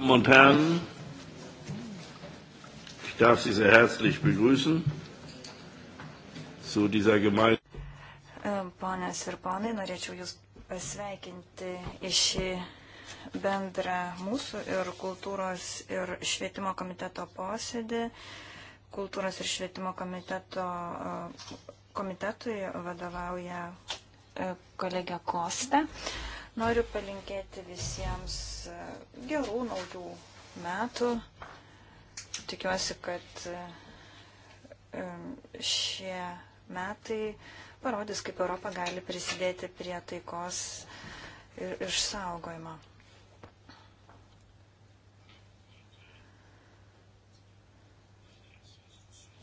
Damen und Herren, ich darf Sie sehr herzlich begrüßen zu dieser Gemeinde. Ponios ir ponai, norėčiau Jūs pasveikinti į šį bendrą mūsų ir kultūros ir švietimo komiteto posėdį. Kultūros ir švietimo komiteto e, komitetui vadovauja e, kolegė Kosta. Uh, Noriu palinkėti visiems e, gerų naujų metų. Tikiuosi, kad e, e, šie metai parodys, kaip Europa gali prisidėti prie taikos ir išsaugojimo.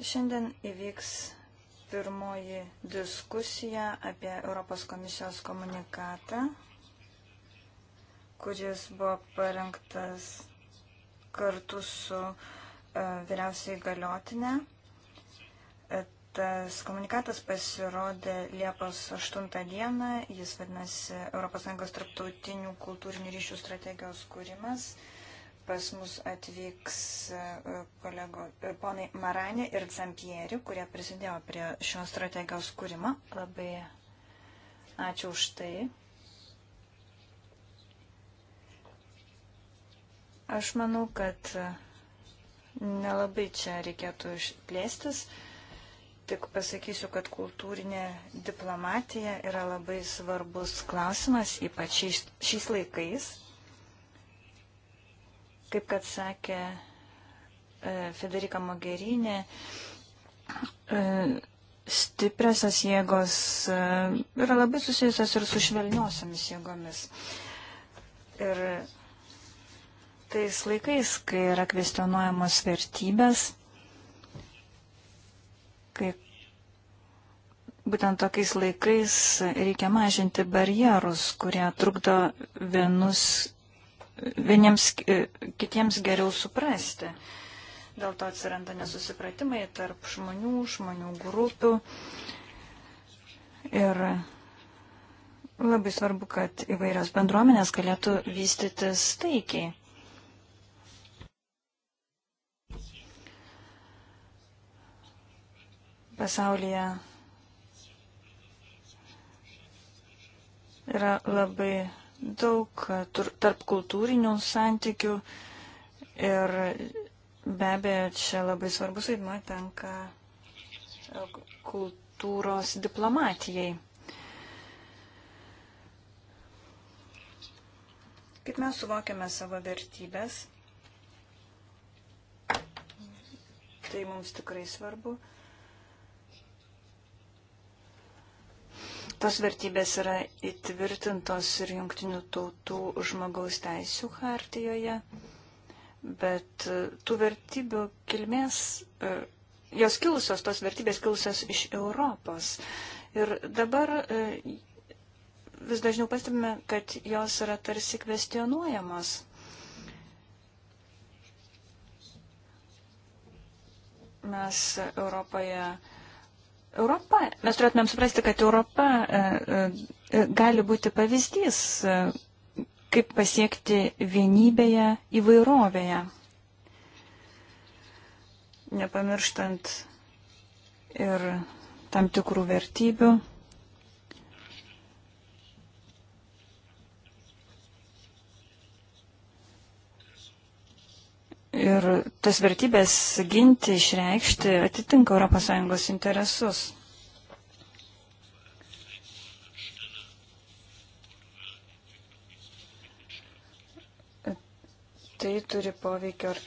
Šiandien įvyks pirmoji diskusija apie Europos komisijos komunikatą kuris buvo parengtas kartu su e, vyriausiai galiotinė. E, tas komunikatas pasirodė Liepos 8 dieną, jis vadinasi ES tarptautinių kultūrinių ryšių strategijos kūrimas. Pas mus atvyks e, kolego, ponai Maranė ir Zampieri, kurie prisidėjo prie šios strategijos kūrimo. Labai ačiū už tai. Aš manau, kad nelabai čia reikėtų plėstis. Tik pasakysiu, kad kultūrinė diplomatija yra labai svarbus klausimas, ypač šiais, šiais laikais. Kaip kad sakė e, Federika Mogerinė, e, stipresios jėgos e, yra labai susijusios ir su švelniosiamis jėgomis. Ir tais laikais, kai yra kvestionuojamos vertybės, kai būtent tokiais laikais reikia mažinti barjerus, kurie trukdo vienus, vieniems e, kitiems geriau suprasti. Dėl to atsiranda nesusipratimai tarp žmonių, žmonių grupių. Ir labai svarbu, kad įvairios bendruomenės galėtų vystytis taikiai. pasaulyje yra labai daug tarp kultūrinių santykių ir be abejo čia labai svarbus vaidmuo tenka e, kultūros diplomatijai. Kaip mes suvokiame savo vertybės, tai mums tikrai svarbu. tos vertybės yra įtvirtintos ir jungtinių tautų žmogaus teisų hartijoje, bet e, tų vertybių kilmės, e, jos kilusios, tos vertybės kilusios iš Europos. Ir dabar e, vis dažniau pastebime, kad jos yra tarsi kvestionuojamos. Mes Europoje Europa, mes turėtumėm suprasti, kad Europa e, e, gali būti pavyzdys, e, kaip pasiekti vienybėje įvairovėje. Nepamirštant ir tam tikrų vertybių. Ir tas vertybės ginti, išreikšti atitinka ES interesus. Tai turi poveikio ir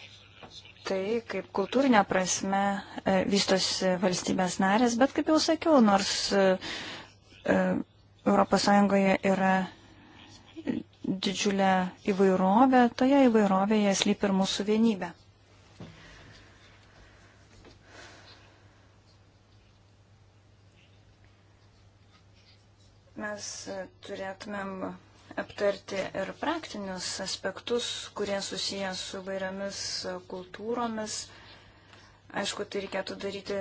tai, kaip kultūrinė prasme e, vystosi valstybės narės, bet kaip jau sakiau, nors ES e, yra didžiulę įvairovę, toje įvairovėje slypi ir mūsų vienybė. Mes turėtumėm aptarti ir praktinius aspektus, kurie susijęs su vairiomis kultūromis. Aišku, tai reikėtų daryti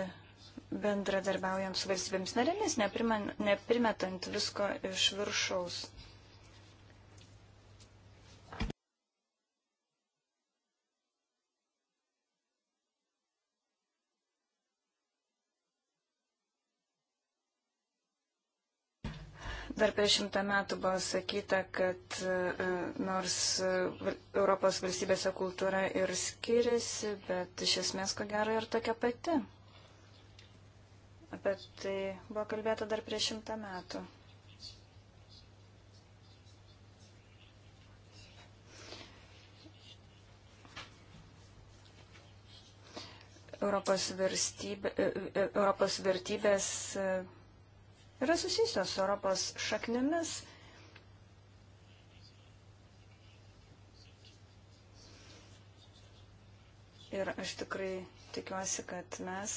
bendradarbiaujant su valstybėms narėmis, neprimetant visko iš viršaus. Dar prieš šimtą metų buvo sakyta, kad e, nors e, Europos valstybėse kultūra ir skiriasi, bet iš esmės ko gero ir tokia pati. Apie tai buvo kalbėta dar prieš šimtą metų. Europos, verstybė, e, Europos vertybės yra susijusios su Europos šaknėmis. Ir aš tikrai tikiuosi, kad mes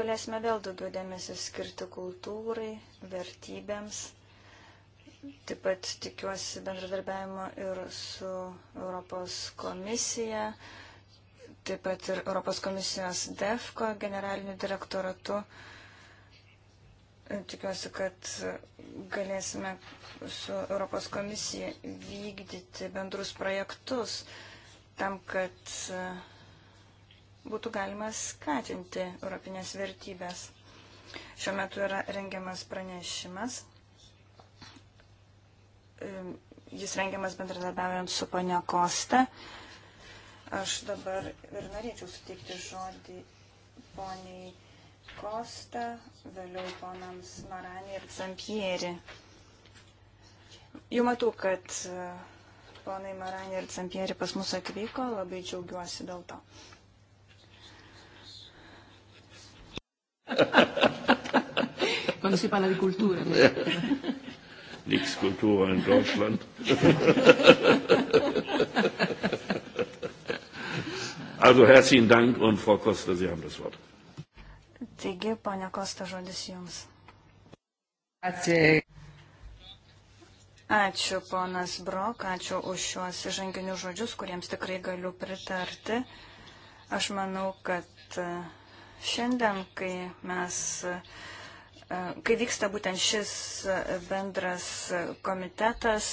galėsime vėl daugiau dėmesio skirti kultūrai, vertybėms. Taip pat tikiuosi bendradarbiavimo ir su Europos komisija. Uh, taip pat ir Europos komisijos DEFCO generaliniu direktoratu. Tikiuosi, kad galėsime su Europos komisija vykdyti bendrus projektus tam, kad e, būtų galima skatinti europinės vertybės. Šiuo metu yra rengiamas pranešimas. E, jis rengiamas bendradarbiaujant su ponia Kosta. Aš dabar ir norėčiau suteikti žodį poniai Kosta, vėliau ponams Maranį ir Zampieri. Jau matau, kad e, ponai Maranį ir Zampieri pas mus atvyko, labai džiaugiuosi dėl to. Quando si parla di cultura. Nix Kultur in Deutschland. Also herzlichen Dank und Frau Koster, Sie haben das Wort. Taigi, ponia Kosta, žodis Jums. Ačiū. Ačiū, ponas Brok, ačiū už šiuos žanginius žodžius, kuriems tikrai galiu pritarti. Aš manau, kad e, šiandien, kai mes, e, kai vyksta būtent šis e, bendras komitetas,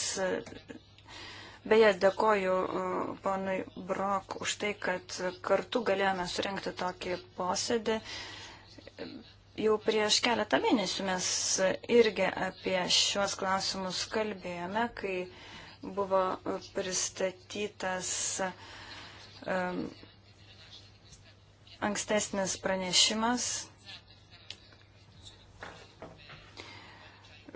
Beje, dėkoju e, ponui Brok už tai, kad kartu galėjome surenkti tokį posėdį. Jau prieš keletą mėnesių mes irgi apie šiuos klausimus kalbėjome, kai buvo pristatytas um, ankstesnis pranešimas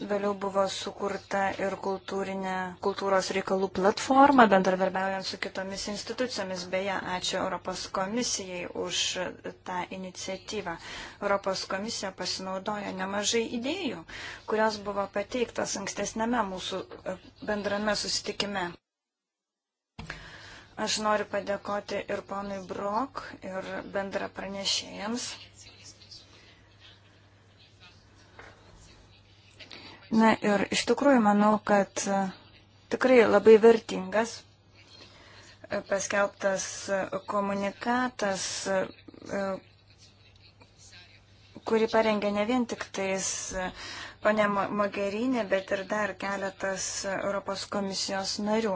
Vėliau buvo sukurta ir kultūros reikalų platforma, bendradarbiaujant su kitomis institucijomis. Beje, ačiū Europos komisijai už tą iniciatyvą. Europos komisija pasinaudojo nemažai idėjų, kurios buvo pateiktas ankstesnėme mūsų e, bendrame susitikime. Aš noriu padėkoti ir ponui Brok, ir bendra pranešėjams. Na ir iš tikrųjų manau, kad e, tikrai labai vertingas e, paskelbtas e, komunikatas, kurį parengė ne vien tik tais ponė Mogerinė, bet ir dar keletas Europos komisijos narių.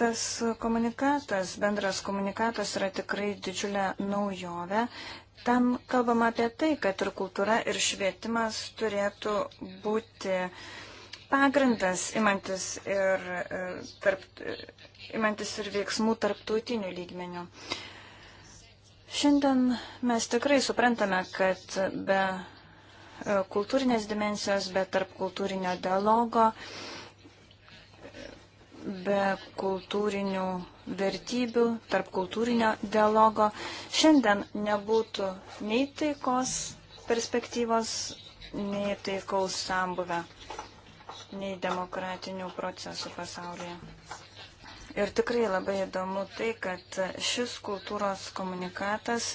Tas komunikatas, bendras komunikatas yra tikrai didžiulė naujovė Tam kalbama apie tai, kad ir kultūra, ir švietimas turėtų būti pagrindas imantis ir, e, tarp, e, imantis ir veiksmų tarptautinių lygmenių. Šiandien mes tikrai suprantame, kad be e, kultūrinės dimensijos, be tarp kultūrinio dialogo, be kultūrinių vertybių, tarp kultūrinio dialogo, šiandien nebūtų nei taikos perspektyvos, nei taikaus sambuvę, nei demokratinių procesų pasaulyje. Ir tikrai labai įdomu tai, kad šis kultūros komunikatas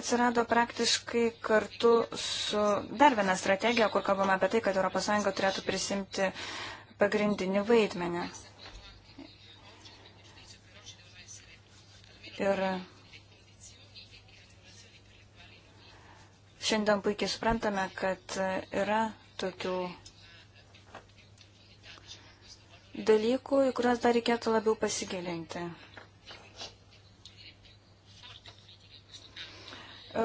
atsirado praktiškai kartu su dar viena strategija, kur kalbame apie tai, kad ES turėtų prisimti pagrindinį vaidmenį. Ir šiandien puikiai suprantame, kad yra tokių dalykų, į kuriuos dar reikėtų labiau pasigilinti. ES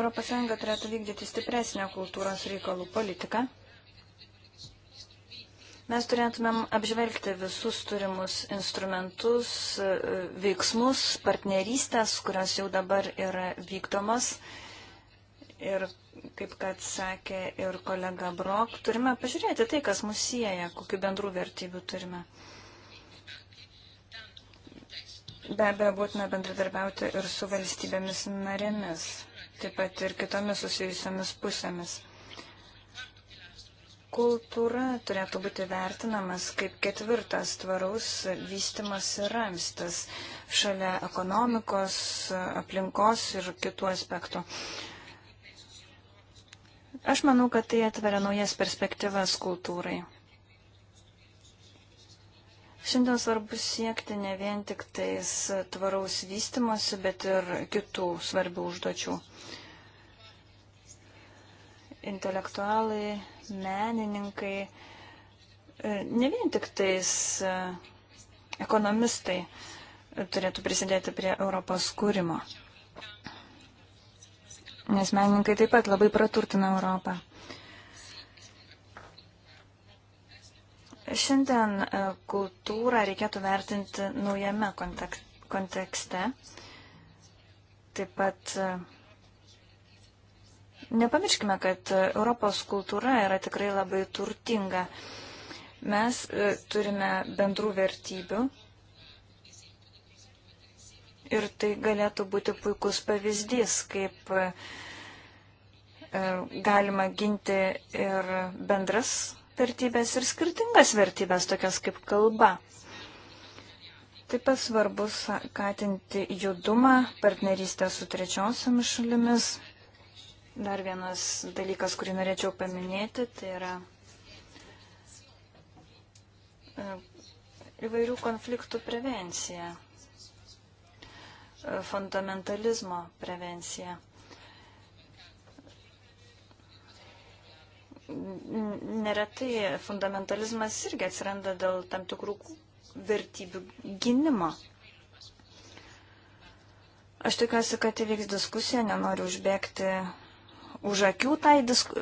turėtų vykdyti stipresnę kultūros reikalų politiką. Mes turėtumėm apžvelgti visus turimus instrumentus, veiksmus, partnerystės, kurios jau dabar yra vykdomos. Ir kaip kad sakė ir kolega Brok, turime pažiūrėti tai, kas mus sieja, kokiu bendrų vertybių turime. Be abejo, būtina bendradarbiauti ir su valstybėmis narėmis, taip pat ir kitomis susijusiamis pusėmis. Kultūra turėtų būti vertinamas kaip ketvirtas tvaraus vystimas ir ramstas šalia ekonomikos, aplinkos ir kitų aspektų. Aš manau, kad tai atveria naujas perspektyvas kultūrai. Šiandien svarbu siekti ne vien tik tais tvaraus vystimosi, bet ir kitų svarbių užduočių intelektualai, menininkai, e, ne vien tik tais e, ekonomistai turėtų prisidėti prie Europos kūrimo. Nes menininkai taip pat labai praturtina Europą. Šiandien e, kultūrą reikėtų vertinti naujame kontekste. Taip pat Nepamirškime, kad Europos kultūra yra tikrai labai turtinga. Mes e, turime bendrų vertybių ir tai galėtų būti puikus pavyzdys, kaip e, galima ginti ir bendras vertybės ir skirtingas vertybės, tokias kaip kalba. Taip pat svarbu skatinti judumą, partnerystę su trečiosiamis šalimis. Dar vienas dalykas, kurį norėčiau paminėti, tai yra e, įvairių konfliktų prevencija, e, fundamentalizmo prevencija. Neretai fundamentalizmas irgi atsiranda dėl tam tikrų vertybių gynimo. Aš tikiuosi, kad įvyks diskusija, nenoriu užbėgti už akių tai, disku,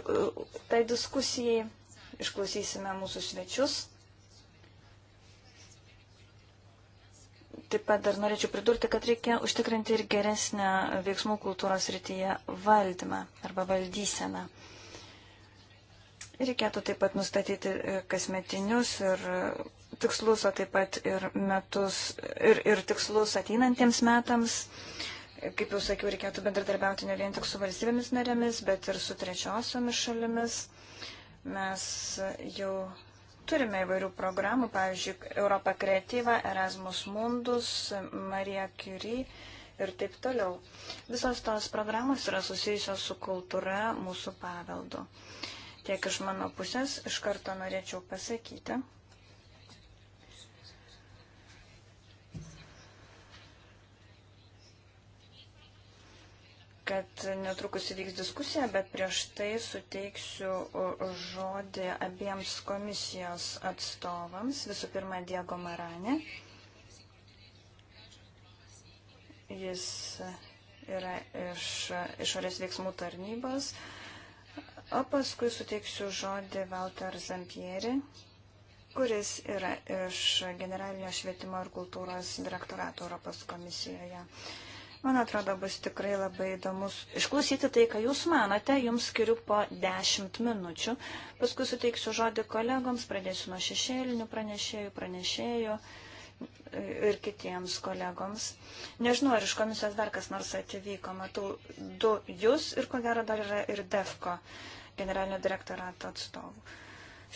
tai diskusijai. Išklausysime mūsų svečius. Taip pat dar norėčiau pridurti, kad reikia užtikrinti ir geresnę veiksmų kultūros rytyje valdymą arba valdyseną. Reikėtų taip pat nustatyti e, kasmetinius ir tikslus, o taip pat ir metus ir, ir tikslus ateinantiems metams. Uh, Kaip jau sakiau, reikėtų bendradarbiauti ne vien tik su valstybėmis narėmis, bet ir su trečiosiomis šalimis. Mes jau turime įvairių programų, pavyzdžiui, Europa Kreatyva, Erasmus Mundus, Marija Curie ir taip toliau. Visos tos programos yra susijusios su kultūra, mūsų paveldu. Tiek iš mano pusės iš karto norėčiau pasakyti, kad netrukus įvyks diskusija, bet prieš tai suteiksiu žodį abiems komisijos atstovams. Visų pirma, Diego Maranė. Jis yra iš išorės veiksmų tarnybos. O paskui suteiksiu žodį Walter Zampieri, kuris yra iš Generalinio švietimo ir kultūros direktorato Europos komisijoje. Uh, Man atrodo, bus tikrai labai įdomus išklausyti tai, ką jūs manote. Jums skiriu po 10 minučių. Paskui suteiksiu žodį kolegoms, pradėsiu nuo šešėlinių pranešėjų, pranešėjų ir kitiems kolegoms. Nežinau, ar iš komisijos dar kas nors atvyko. Matau du jūs ir ko gero dar yra ir DEFCO generalinio direktorato atstovų.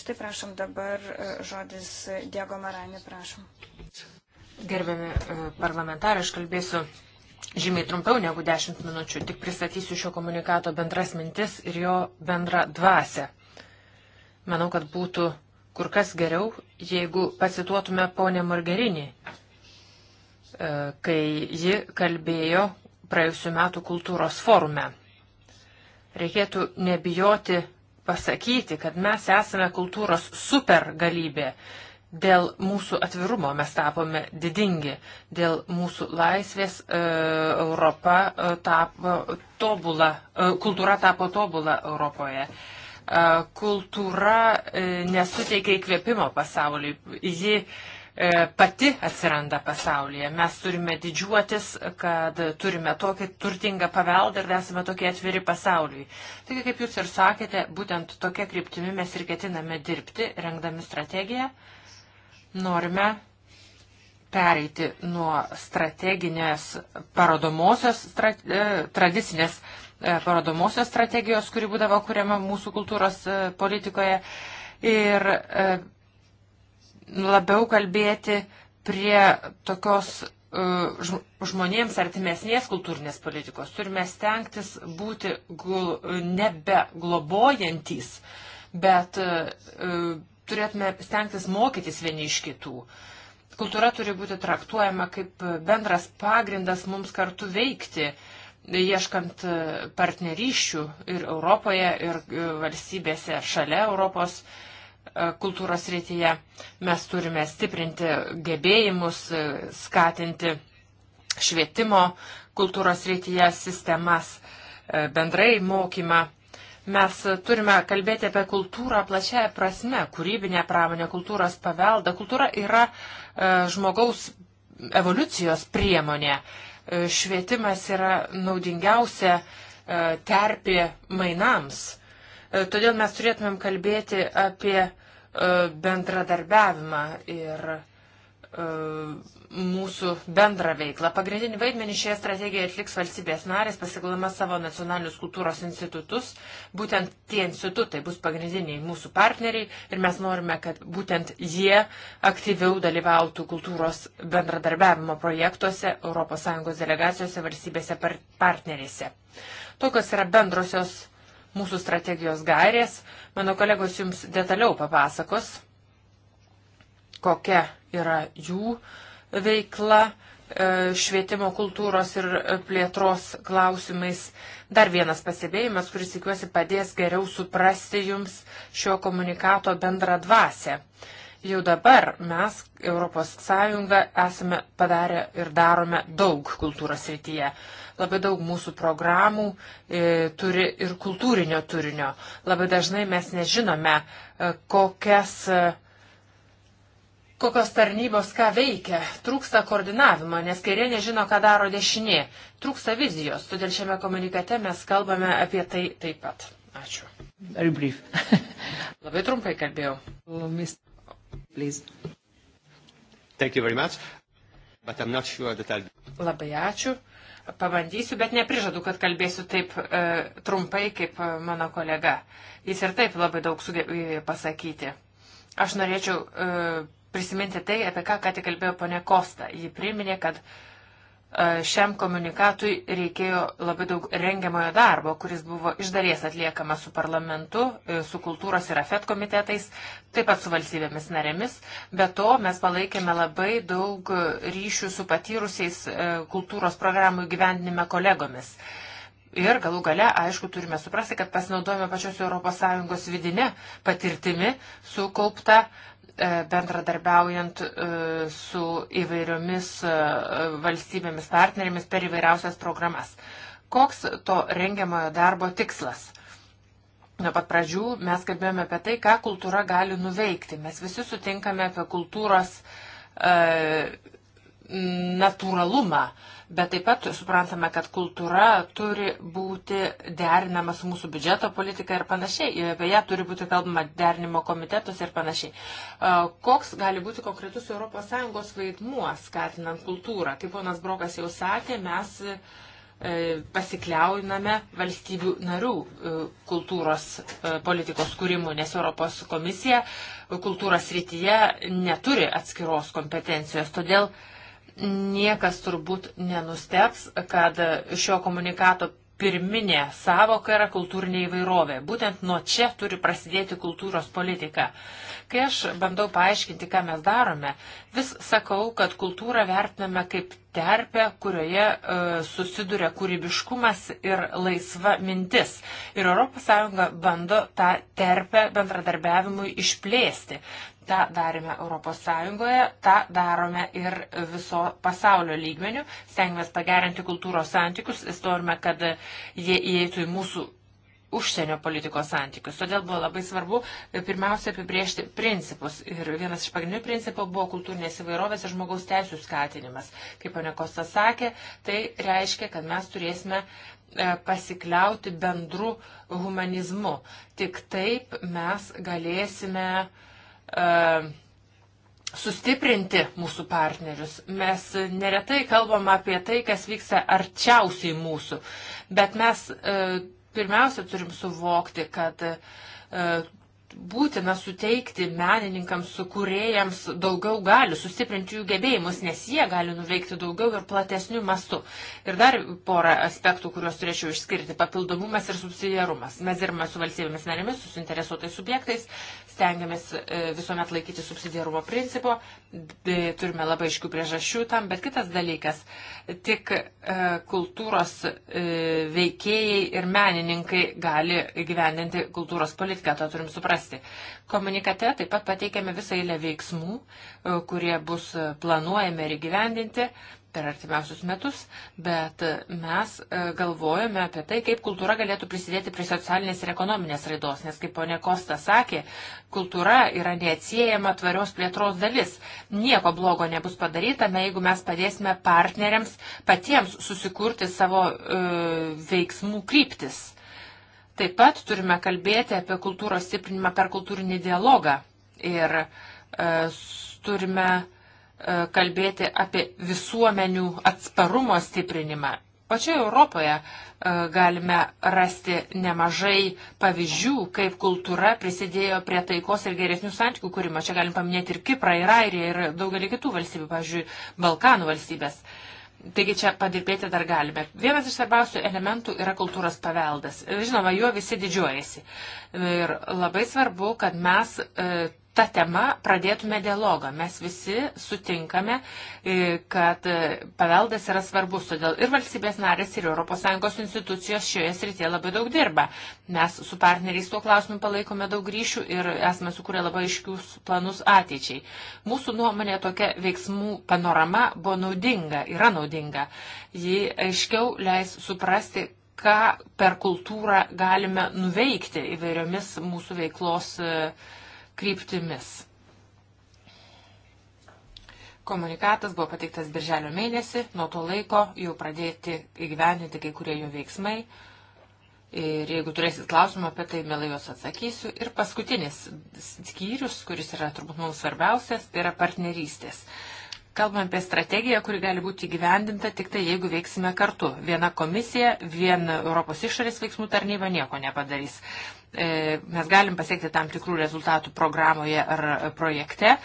Štai prašom dabar e, žodis Diego Marani, prašom. Gerbiami e, parlamentarai, aš kalbėsiu žymiai trumpiau negu 10 minučių, tik pristatysiu šio komunikato bendras mintis ir jo bendrą dvasę. Manau, kad būtų kur kas geriau, jeigu pacituotume ponę Margerinį, e, kai ji kalbėjo praėjusiu metu kultūros forume. Reikėtų nebijoti pasakyti, kad mes esame kultūros supergalybė. galybė Dėl mūsų atvirumo mes tapome didingi, dėl mūsų laisvės e, Europa e, tapo tobula, e, kultūra tapo tobula Europoje. E, kultūra e, nesuteikia įkvėpimo pasauliui, ji e, pati atsiranda pasaulyje. Mes turime didžiuotis, kad turime tokį turtingą paveldą ir esame tokie atviri pasauliui. Taigi, kaip jūs ir sakėte, būtent tokia kryptimi mes ir ketiname dirbti, rengdami strategiją. E, norime pereiti nuo strateginės parodomosios, stra, e, tradicinės e, parodomosios strategijos, kuri būdavo kuriama mūsų kultūros e, politikoje, ir labiau kalbėti prie tokios žmonėms artimesnės kultūrinės politikos. Turime stengtis būti nebe globojantys, bet turėtume stengtis mokytis vieni iš kitų. Kultūra turi būti traktuojama kaip bendras pagrindas mums kartu veikti, ieškant e, partnerysčių ir Europoje, ir e, valstybėse šalia Europos e, kultūros rytyje. Mes turime stiprinti gebėjimus, skatinti švietimo kultūros rytyje sistemas, bendrai mokymą Mes turime kalbėti apie kultūrą plačiaja prasme, kūrybinę pramonę, kultūros paveldą. Kultūra yra e, žmogaus evoliucijos priemonė. E, švietimas yra naudingiausia e, terpė mainams. Todėl mes turėtumėm kalbėti apie bendradarbiavimą ir mūsų bendrą veiklą. Pagrindinį vaidmenį šioje strategijoje atliks valstybės narės, pasiglamas savo nacionalinius kultūros institutus. Būtent tie institutai bus pagrindiniai mūsų partneriai ir mes norime, kad būtent jie aktyviau dalyvautų kultūros bendradarbiavimo projektuose ES delegacijose valstybėse par partnerėse. Tokios yra bendrosios mūsų strategijos gairės. Mano kolegos jums detaliau papasakos kokia yra jų uh, veikla e, švietimo kultūros ir plėtros klausimais. Dar vienas pasibėjimas, kuris tikiuosi padės geriau suprasti jums šio komunikato bendrą dvasę. Jau dabar mes, ES, esame padarę ir darome daug kultūros rytyje. Labai daug mūsų programų e, turi ir kultūrinio turinio. Labai dažnai mes nežinome, e, kokias e, kokios tarnybos ką veikia, trūksta koordinavimo, nes kairė nežino, ką daro dešinė, trūksta vizijos, todėl šiame komunikate mes kalbame apie tai taip pat. Ačiū. Very brief. Labai trumpai kalbėjau. Oh, please. Thank you very much, but I'm not sure that I'll... Labai ačiū. Pabandysiu, bet neprižadu, kad kalbėsiu taip e, trumpai kaip e, mano kolega. Jis ir taip labai daug sugebėjo e, pasakyti. Aš norėčiau e, prisiminti tai, apie ką ką tik kalbėjo ponė Kosta. Ji priminė, kad e, šiam komunikatui reikėjo labai daug rengiamojo darbo, kuris buvo iš dalies atliekama su parlamentu, e, su kultūros ir afet komitetais, taip pat su valstybėmis narėmis. Be to mes palaikėme labai daug ryšių su patyrusiais e, kultūros programų gyvendinime kolegomis. Ir galų gale, aišku, turime suprasti, kad pasinaudojame pačios ES vidinę patirtimi sukauptą E, bendradarbiaujant e, su įvairiomis e, valstybėmis partnerėmis per įvairiausias programas. Koks to rengiamojo darbo tikslas? Nuo pat pradžių mes kalbėjome apie tai, ką kultūra gali nuveikti. Mes visi sutinkame apie kultūros e, natūralumą, bet taip pat suprantame, kad kultūra turi būti derinama su mūsų biudžeto politika ir panašiai. Apie ją turi būti kalbama derinimo komitetus ir panašiai. E, koks gali būti konkretus ES vaidmuo skatinant kultūrą? Kaip ponas Brokas jau sakė, mes e, pasikliaujame valstybių narių e, kultūros politikos kūrimu, nes Europos komisija kultūros rytyje neturi atskiros kompetencijos. Todėl uh, Niekas turbūt nenusteps, kad šio komunikato pirminė savoka yra kultūrinė įvairovė. Būtent nuo čia turi prasidėti kultūros politika. Kai aš bandau paaiškinti, ką mes darome, vis sakau, kad kultūrą vertiname kaip terpę, kurioje e, susiduria kūrybiškumas ir laisva mintis. Ir ES bando tą terpę bendradarbiavimui išplėsti. Ta darėme ES, tą darome ir viso pasaulio lygmenių. Stengiamės pagerinti kultūros santykius, norime, kad jie įeitų į mūsų užsienio politikos santykius. Todėl buvo labai svarbu e, pirmiausia apibriežti principus. Ir vienas iš pagrindinių principų buvo kultūrinės įvairovės ir žmogaus teisų skatinimas. Kaip pane Kosta sakė, tai reiškia, kad mes turėsime e, pasikliauti bendru humanizmu. Tik taip mes galėsime uh, sustiprinti mūsų partnerius. Mes neretai kalbam apie tai, kas vyksta arčiausiai mūsų, bet mes uh, pirmiausia turim suvokti, kad e, būtina suteikti menininkams, sukūrėjams daugiau galių, sustiprinti jų gebėjimus, nes jie gali nuveikti daugiau ir platesnių mastų. Ir dar porą aspektų, kuriuos turėčiau išskirti - papildomumas ir subsidiarumas. Mes dirbame su valstybėmis narėmis, su suinteresuotais subjektais, stengiamės e, visuomet laikyti subsidiarumo principo, turime labai iškių priežasčių tam, bet kitas dalykas - tik e, kultūros e, veikėjai ir menininkai gali gyvendinti kultūros politiką, to turim suprasti. Komunikate taip pat pateikėme visą eilę veiksmų, e, kurie bus planuojami ir gyvendinti per artimiausius metus, bet mes e, galvojame apie tai, kaip kultūra galėtų prisidėti prie socialinės ir ekonominės raidos, nes kaip ponė Kosta sakė, kultūra yra neatsiejama tvarios plėtros dalis. Nieko blogo nebus padaryta, jeigu mes padėsime partneriams patiems susikurti savo e, veiksmų kryptis. Taip pat turime kalbėti apie kultūros stiprinimą per kultūrinį dialogą ir e, turime E, kalbėti apie visuomenių atsparumo stiprinimą. Pačioje Europoje e, galime rasti nemažai pavyzdžių, kaip kultūra prisidėjo prie taikos ir geresnių santykių kūrimo. Čia galim paminėti ir Kiprą, ir Airiją, ir daugelį kitų valstybių, pavyzdžiui, Balkanų valstybės. Taigi čia padirbėti dar galime. Vienas iš svarbiausių elementų yra kultūros paveldas. Žinoma, juo visi didžiuojasi. Ir labai svarbu, kad mes e, tą temą pradėtume dialogą. Mes visi sutinkame, e, kad e, paveldas yra svarbus, todėl ir valstybės narės, ir ES institucijos šioje srityje labai daug dirba. Mes su partneriais tuo klausimu palaikome daug ryšių ir esame sukūrę labai aiškius planus ateičiai. Mūsų nuomonė tokia veiksmų panorama buvo naudinga, yra naudinga. Ji aiškiau leis suprasti, ką per kultūrą galime nuveikti įvairiomis mūsų veiklos uh, kryptimis. Komunikatas buvo pateiktas birželio mėnesį, nuo to laiko jau pradėti įgyvendinti kai kurie jo veiksmai. Ir jeigu turėsit klausimą apie tai, mielai juos atsakysiu. Ir paskutinis skyrius, kuris yra turbūt mums svarbiausias, tai yra partnerystės. Kalbam apie strategiją, kuri gali būti įgyvendinta tik tai, jeigu veiksime kartu. Viena komisija, vien Europos išorės veiksmų tarnyba nieko nepadarys. E, mes galim pasiekti tam tikrų rezultatų programoje ar projekte,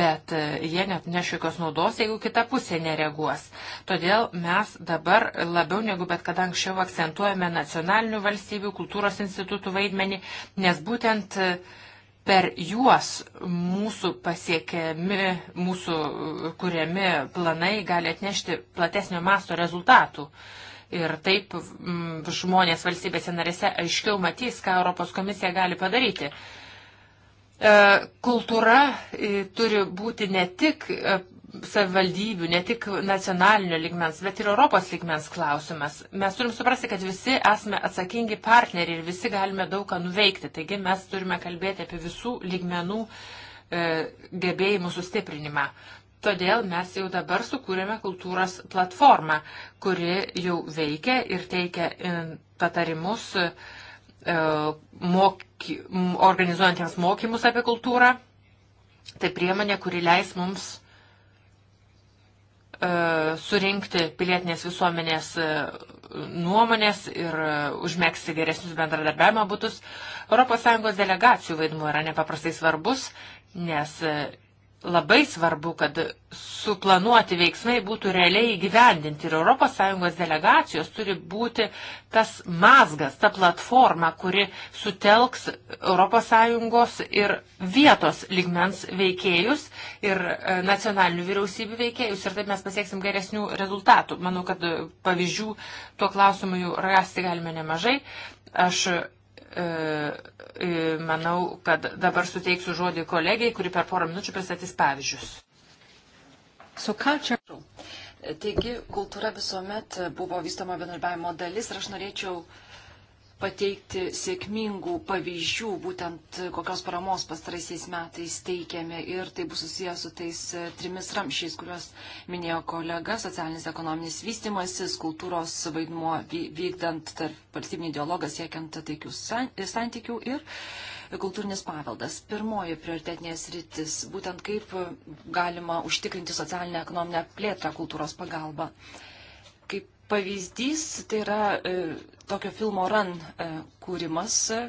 bet e, jie net neš jokios naudos, jeigu kita pusė nereaguos. Todėl mes dabar labiau negu bet kada anksčiau akcentuojame nacionalinių valstybių, kultūros institutų vaidmenį, nes būtent e, per juos mūsų pasiekiami, mūsų kuriami planai gali atnešti platesnio masto rezultatų. Uh, Ir taip m, mm, žmonės valstybėse narėse aiškiau matys, ką Europos komisija gali padaryti. E, kultūra e, turi būti ne tik e, savivaldybių, ne tik nacionalinio ligmens, bet ir Europos ligmens klausimas. Mes turim suprasti, kad visi esame atsakingi partneriai ir visi galime daug ką nuveikti. Taigi mes turime kalbėti apie visų ligmenų e, gebėjimų sustiprinimą. Todėl mes jau dabar sukūrėme kultūros platformą, kuri jau veikia ir teikia e, patarimus e, moky, organizuojantiems mokymus apie kultūrą. Tai priemonė, kuri leis mums e, surinkti pilietinės visuomenės nuomonės ir užmėgsti geresnius bendradarbiavimo būtus. ES delegacijų vaidmuo yra nepaprastai svarbus, nes Labai svarbu, kad suplanuoti veiksmai būtų realiai įgyvendinti ir ES delegacijos turi būti tas mazgas, ta platforma, kuri sutelks ES ir vietos ligmens veikėjus ir e, nacionalinių vyriausybių veikėjus ir taip mes pasieksim geresnių rezultatų. Manau, kad e, pavyzdžių tuo klausimu jų rasti galime nemažai. Aš E, e, manau, kad dabar suteiksiu žodį kolegijai, kuri per porą minučių pristatys pavyzdžius. So culture. Taigi, kultūra visuomet buvo vystoma bendarbiavimo dalis ir aš norėčiau uh, pateikti sėkmingų pavyzdžių, būtent kokios paramos pastaraisiais metais teikiame ir tai bus susijęs su tais e, trimis ramšiais, kuriuos minėjo kolega, socialinis ekonominis vystimasis, kultūros vaidmuo vykdant tarp valstybinį dialogą siekiant taikių santykių ir kultūrinis paveldas. Pirmoji prioritetinės rytis, būtent kaip galima užtikrinti socialinę ekonominę plėtrą kultūros pagalba. Kaip pavyzdys, tai yra e, tokio filmo RAN e, kūrimas, e,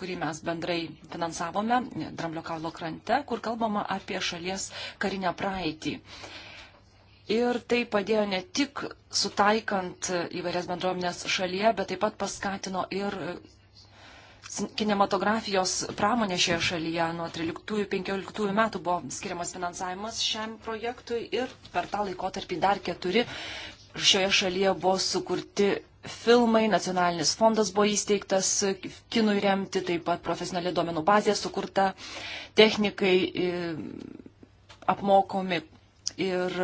kurį mes bendrai finansavome Dramblio kaulo krante, kur kalbama apie šalies karinę praeitį. Ir tai padėjo ne tik sutaikant įvairias bendruomenės šalyje, bet taip pat paskatino ir e, kinematografijos pramonė šioje šalyje nuo 13-15 metų buvo skiriamas finansavimas šiam projektui ir per tą laikotarpį dar keturi šioje šalyje buvo sukurti filmai, nacionalinis fondas buvo įsteigtas kinui remti, taip pat profesionali duomenų bazė sukurta, technikai apmokomi ir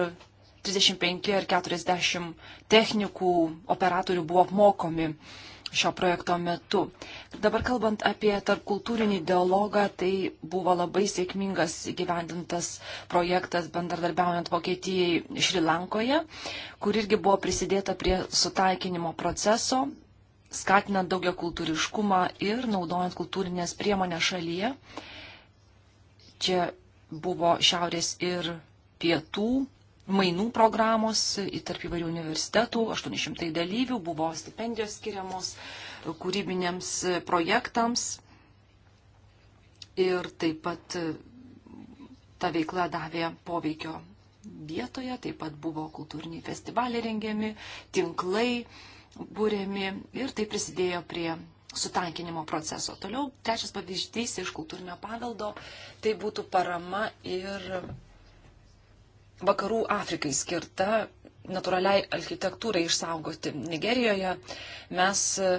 35 ar 40 technikų operatorių buvo apmokomi šio projekto metu. Ir dabar kalbant apie tarpkultūrinį dialogą, tai buvo labai sėkmingas gyvendintas projektas bendradarbiaujant Vokietijai Šrilankoje, kur irgi buvo prisidėta prie sutaikinimo proceso, skatinant daugia kultūriškumą ir naudojant kultūrinės priemonės šalyje. Čia buvo šiaurės ir pietų mainų programos tarp įvairių universitetų, 800 dalyvių buvo stipendijos skiriamos kūrybinėms projektams ir taip pat e, ta veikla davė poveikio vietoje, taip pat buvo kultūriniai festivaliai rengiami, tinklai būrėmi ir tai prisidėjo prie sutankinimo proceso. Toliau trečias pavyzdys iš kultūrinio paveldo, tai būtų parama ir vakarų Afrikai skirta natūraliai architektūrai išsaugoti. Nigerijoje mes e,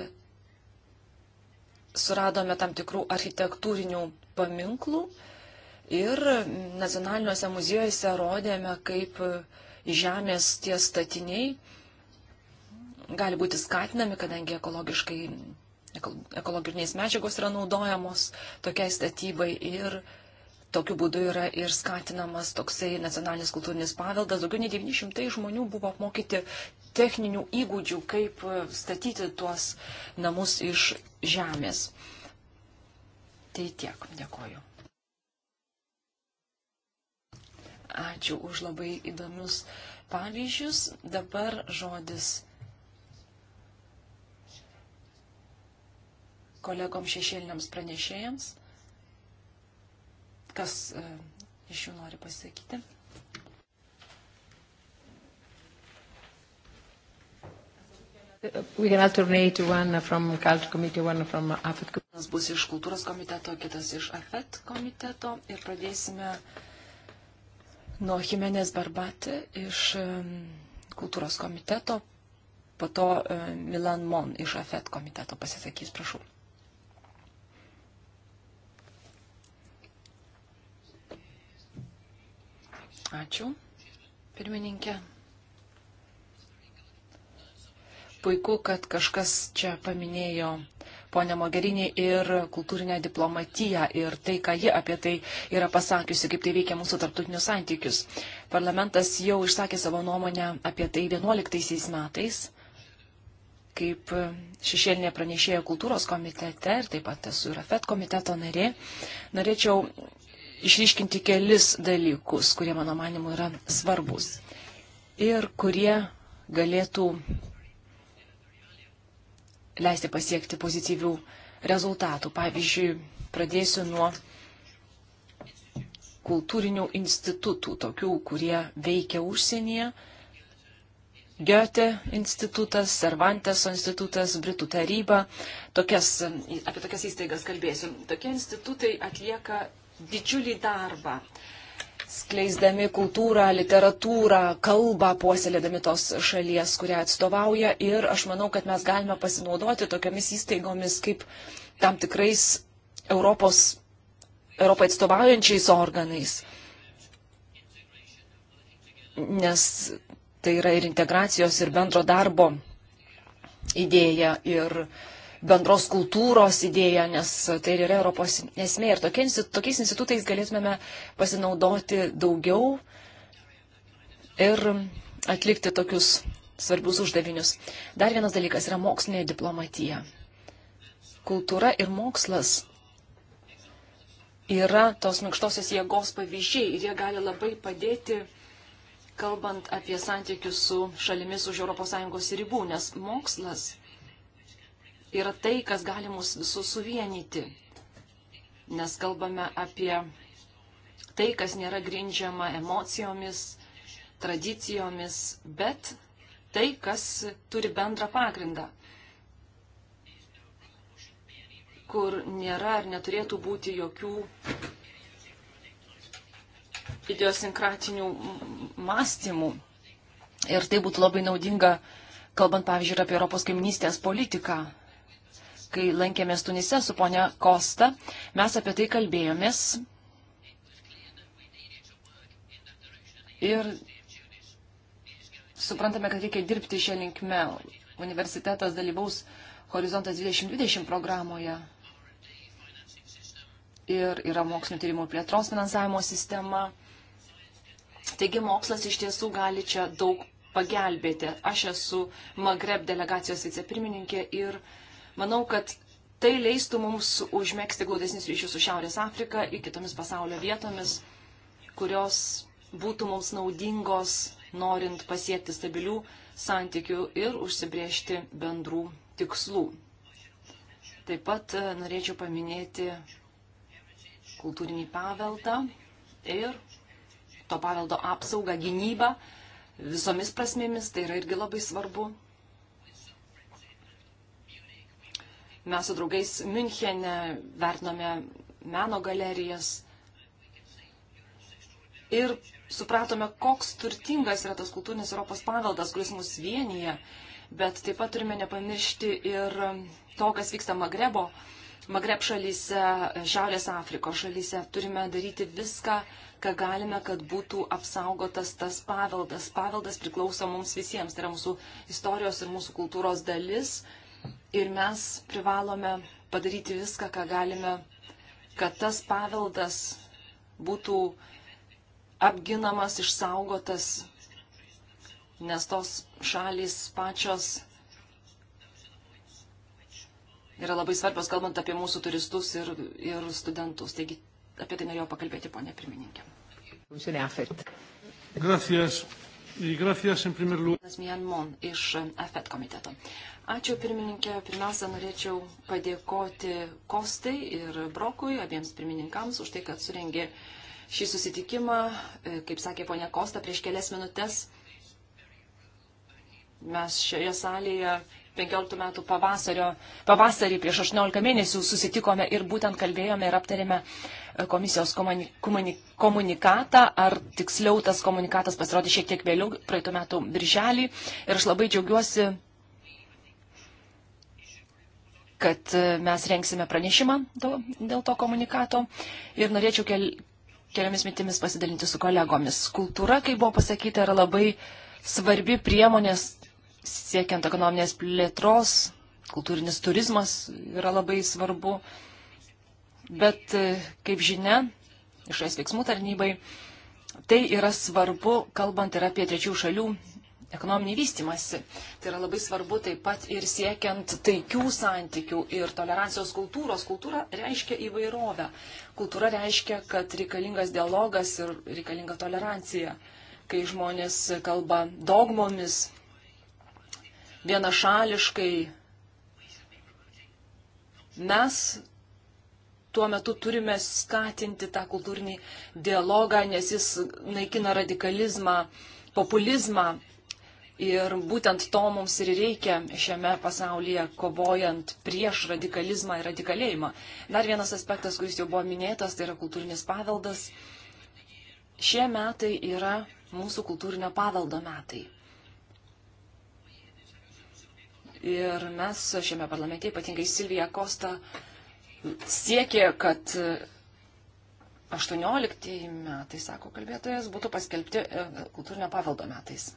suradome tam tikrų architektūrinių paminklų ir nacionaliniuose muziejuose rodėme, kaip e, žemės tie statiniai gali būti skatinami, kadangi ekologiškai ekologinės medžiagos yra naudojamos tokiai statybai ir Tokiu būdu yra ir skatinamas toksai nacionalinis kultūrinis paveldas. Daugiau nei 900 žmonių buvo apmokyti techninių įgūdžių, kaip e, statyti tuos namus iš žemės. Tai tiek, dėkoju. Ačiū už labai įdomius pavyzdžius. Dabar žodis kolegom šešėliniams pranešėjams kas e, iš jų nori pasakyti. We can alternate one from Cult Committee, one from AFET Committee. Vienas bus iš kultūros komiteto, kitas iš AFET komiteto ir pradėsime nuo Jimenez Barbatė iš e, kultūros komiteto, po to e, Milan Mon iš AFET komiteto pasisakys, prašau. Ačiū, pirmininkė. Puiku, kad kažkas čia paminėjo ponę Mogerinį ir kultūrinę diplomatiją ir tai, ką ji apie tai yra pasakiusi, kaip tai veikia mūsų tarptautinius santykius. Parlamentas jau išsakė savo nuomonę apie tai 11 metais, kaip šešėlinė pranešėja kultūros komitete ir taip pat esu ir AFET komiteto narė. Norėčiau išryškinti kelis dalykus, kurie mano manimu yra svarbus ir kurie galėtų leisti pasiekti pozityvių rezultatų. Pavyzdžiui, pradėsiu nuo kultūrinių institutų, tokių, kurie veikia užsienyje. Goethe institutas, Cervantes institutas, Britų taryba. Tokias, apie tokias įstaigas kalbėsiu. Tokie institutai atlieka didžiulį darbą, skleisdami kultūrą, literatūrą, kalbą, puoselėdami tos šalies, kurią atstovauja. Ir aš manau, kad mes galime pasinaudoti tokiamis įstaigomis kaip tam tikrais Europos, Europai atstovaujančiais organais. Nes tai yra ir integracijos, ir bendro darbo idėja. Ir uh, bendros kultūros idėją, nes tai ir yra Europos esmė. Ir tokiais, tokiais institutais galėtumėme pasinaudoti daugiau ir atlikti tokius svarbius uždavinius. Dar vienas dalykas yra mokslinė diplomatija. Kultūra ir mokslas yra tos minkštosios jėgos pavyzdžiai ir jie gali labai padėti, kalbant apie santykius su šalimis už ES ribų, nes mokslas yra tai, kas gali mus visus suvienyti. Nes kalbame apie tai, kas nėra grindžiama emocijomis, tradicijomis, bet tai, kas turi bendrą pagrindą, kur nėra ar neturėtų būti jokių idiossinkratinių mąstymų. Ir tai būtų labai naudinga, kalbant, pavyzdžiui, apie Europos kaiminystės politiką, kai lankėmės Tunise su ponia Kosta, mes apie tai kalbėjomės. Ir suprantame, kad reikia dirbti šią linkmę. Universitetas dalyvaus Horizontas 2020 programoje. Ir yra mokslinio tyrimų plėtros finansavimo sistema. Taigi mokslas iš tiesų gali čia daug pagelbėti. Aš esu Magreb delegacijos vicepirmininkė ir uh, Manau, kad tai leistų mums užmėgsti glaudesnius ryšius su Šiaurės Afrika ir kitomis pasaulio vietomis, kurios būtų mums naudingos, norint pasiekti stabilių santykių ir užsibriežti bendrų tikslų. Taip pat e, norėčiau paminėti kultūrinį paveldą ir to paveldo apsaugą, gynybą visomis prasmėmis, tai yra irgi labai svarbu. Mes su draugais Münchene vertinome meno galerijas ir supratome, koks turtingas yra tas kultūrinis Europos paveldas, kuris mus vienyje, bet taip pat turime nepamiršti ir to, kas vyksta Magrebo, Magreb šalyse, Šiaurės Afrikos šalyse. Turime daryti viską, ką galime, kad būtų apsaugotas tas paveldas. Paveldas priklauso mums visiems, tai yra mūsų istorijos ir mūsų kultūros dalis ir mes privalome padaryti viską, ką galime, kad tas paveldas būtų apginamas, išsaugotas, nes tos šalys pačios yra labai svarbios, kalbant apie mūsų turistus ir, ir studentus. Taigi apie tai norėjau pakalbėti, ponė pirmininkė. Gracias. Gracias, en primer lugar. Mian Mon iš AFET komiteto. Ačiū pirmininkė. Pirmiausia, norėčiau padėkoti Kostai ir Brokui, abiems pirmininkams, už tai, kad surengė šį susitikimą. E, kaip sakė ponia Kosta, prieš kelias minutės mes šioje salėje 15 metų pavasario, pavasarį prieš 18 mėnesių susitikome ir būtent kalbėjome ir aptarėme e, komisijos komuni, komuni, komunikatą, ar tiksliau tas komunikatas pasirodė šiek tiek vėliau, praeitų metų birželį. Ir aš labai džiaugiuosi kad e, mes rengsime pranešimą dėl to komunikato ir norėčiau kel, keliomis mintimis pasidalinti su kolegomis. Kultūra, kaip buvo pasakyta, yra labai svarbi priemonės siekiant ekonominės plėtros, kultūrinis turizmas yra labai svarbu, bet e, kaip žinia, išorės veiksmų tarnybai, tai yra svarbu, kalbant ir apie trečių šalių ekonominį vystimąsi. Tai yra labai svarbu taip pat ir siekiant taikių santykių ir tolerancijos kultūros. Kultūra reiškia įvairovę. Kultūra reiškia, kad reikalingas dialogas ir reikalinga tolerancija. Kai žmonės kalba dogmomis, vienašališkai, mes tuo metu turime skatinti tą kultūrinį dialogą, nes jis naikina radikalizmą, populizmą, Ir būtent to mums ir reikia šiame pasaulyje, kovojant prieš radikalizmą ir radikalėjimą. Dar vienas aspektas, kuris jau buvo minėtas, tai yra kultūrinis paveldas. Šie metai yra mūsų kultūrinio paveldo metai. Ir mes šiame parlamente, ypatingai Silvija Kosta, siekė, kad 18 metai, sako kalbėtojas, būtų paskelbti e, kultūrinio paveldo metais.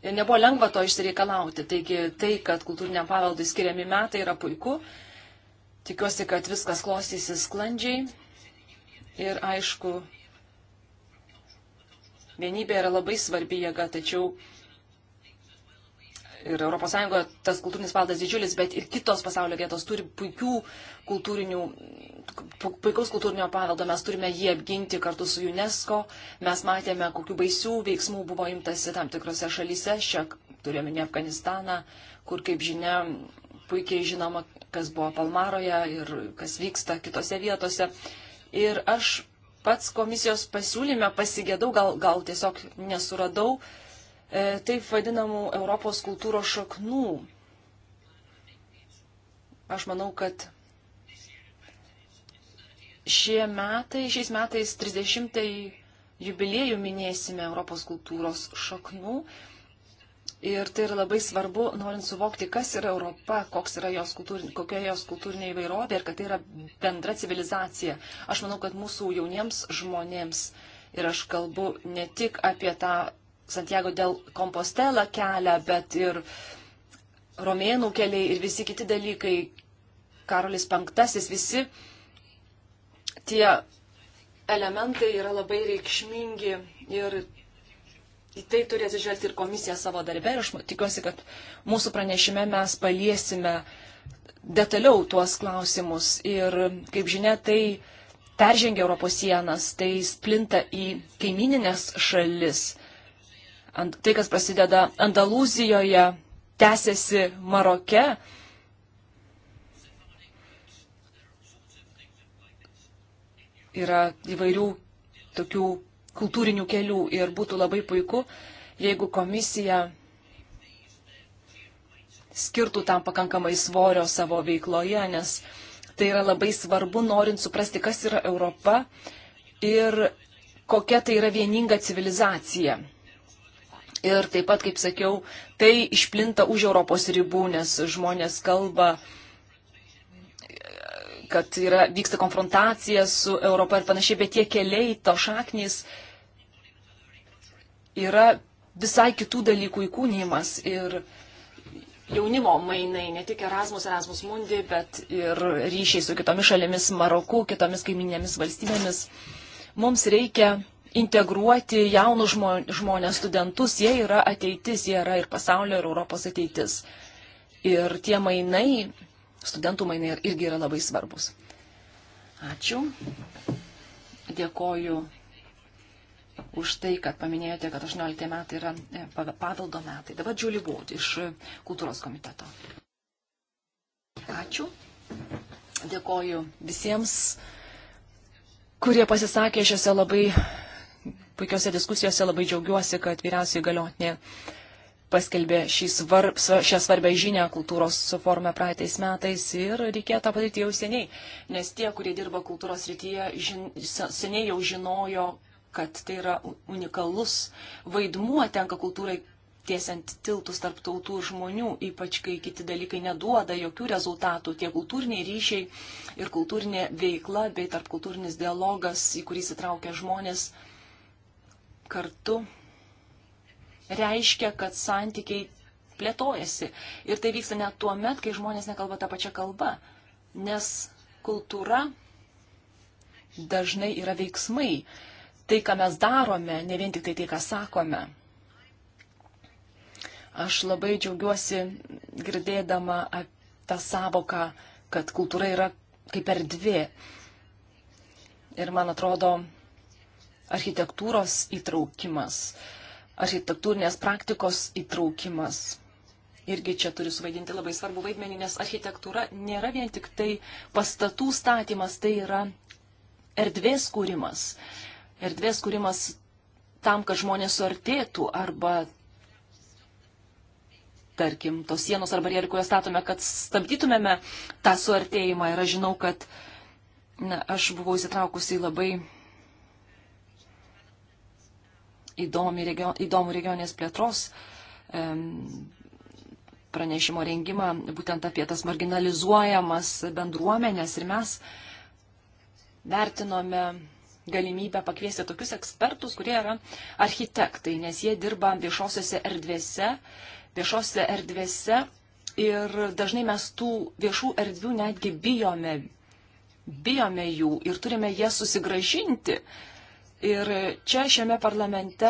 Ir nebuvo lengva to išsireikalauti. Taigi tai, kad kultūriniam paveldui skiriami metai yra puiku. Tikiuosi, kad viskas klostysis sklandžiai. Ir aišku, vienybė yra labai svarbi jėga, tačiau ir ES tas kultūrinis valdas didžiulis, bet ir kitos pasaulio vietos turi puikių kultūrinių, puikaus kultūrinio paveldo, mes turime jį apginti kartu su UNESCO, mes matėme, kokių baisių veiksmų buvo imtasi tam tikrose šalyse, šią turėjome ne Afganistaną, kur, kaip žinia, puikiai žinoma, kas buvo Palmaroje ir kas vyksta kitose vietose. Ir aš pats komisijos pasiūlyme pasigėdau, gal, gal tiesiog nesuradau, uh, E, taip vadinamų Europos kultūros šaknų. Aš manau, kad šie metai, šiais metais 30-ąjį jubiliejų minėsime Europos kultūros šaknų. Ir tai yra labai svarbu, norint suvokti, kas yra Europa, yra jos kultūrin, kokia jos kultūrinė įvairovė ir kad tai yra bendra civilizacija. Aš manau, kad mūsų jauniems žmonėms ir aš kalbu ne tik apie tą Santiago del Compostela kelią, bet ir romėnų keliai ir visi kiti dalykai, Karolis V, visi tie elementai yra labai reikšmingi ir į tai turi atsižvelgti ir komisija savo darbę. Ir aš tikiuosi, kad mūsų pranešime mes paliesime detaliau tuos klausimus. Ir kaip žinia, tai peržengia Europos sienas, tai splinta į kaimininės šalis ant, tai, kas prasideda Andalūzijoje, tęsiasi Maroke. Yra įvairių tokių kultūrinių kelių ir būtų labai puiku, jeigu komisija skirtų tam pakankamai svorio savo veikloje, nes tai yra labai svarbu, norint suprasti, kas yra Europa ir kokia tai yra vieninga civilizacija. Ir taip pat, kaip sakiau, tai išplinta už Europos ribų, nes žmonės kalba, kad yra, vyksta konfrontacija su Europa ir panašiai, bet tie keliai, to šaknis yra visai kitų dalykų įkūnymas ir jaunimo mainai, ne tik Erasmus, Erasmus Mundi, bet ir ryšiai su kitomis šalimis, Maroku, kitomis kaiminėmis valstybėmis. Mums reikia integruoti jaunus žmonės, studentus, jie yra ateitis, jie yra ir pasaulio, ir Europos ateitis. Ir tie mainai, studentų mainai irgi yra labai svarbus. Ačiū. Dėkoju už tai, kad paminėjote, kad 18 metai yra e, paveldo metai. Dabar Džiulį Baud iš kultūros komiteto. Ačiū. Dėkoju visiems, kurie pasisakė šiose labai puikiose diskusijose. Labai džiaugiuosi, kad vyriausiai galiotinė paskelbė svarb, šią svarbę žinę kultūros forume praeitais metais ir reikėjo tą padaryti jau seniai, nes tie, kurie dirba kultūros rytyje, žin, seniai jau žinojo, kad tai yra unikalus vaidmuo tenka kultūrai tiesiant tiltus tarp tautų ir žmonių, ypač kai kiti dalykai neduoda jokių rezultatų, tie kultūriniai ryšiai ir kultūrinė veikla bei tarpkultūrinis dialogas, į kurį sitraukia žmonės, kartu reiškia, kad santykiai plėtojasi. Ir tai vyksta net tuo met, kai žmonės nekalba tą pačią kalbą. Nes kultūra dažnai yra veiksmai. Tai, ką mes darome, ne vien tik tai tai, ką sakome. Aš labai džiaugiuosi girdėdama tą savoką, kad kultūra yra kaip erdvė. Ir man atrodo, architektūros įtraukimas, architektūrinės praktikos įtraukimas irgi čia turi suvaidinti labai svarbu vaidmenį, nes architektūra nėra vien tik tai pastatų statymas, tai yra erdvės kūrimas. Erdvės kūrimas tam, kad žmonės suartėtų arba, tarkim, tos sienos ar barjerų, kurias statome, kad stabdytumėme tą suartėjimą. Ir aš žinau, kad na, aš buvau įsitraukusi į labai įdomų, region, įdomų regionės plėtros pranešimo rengimą, būtent apie tas marginalizuojamas bendruomenės ir mes vertinome galimybę pakviesti tokius ekspertus, kurie yra architektai, nes jie dirba viešosiose erdvėse, viešose erdvėse ir dažnai mes tų viešų erdvių netgi bijome, bijome jų ir turime jas susigražinti, Ir čia šiame parlamente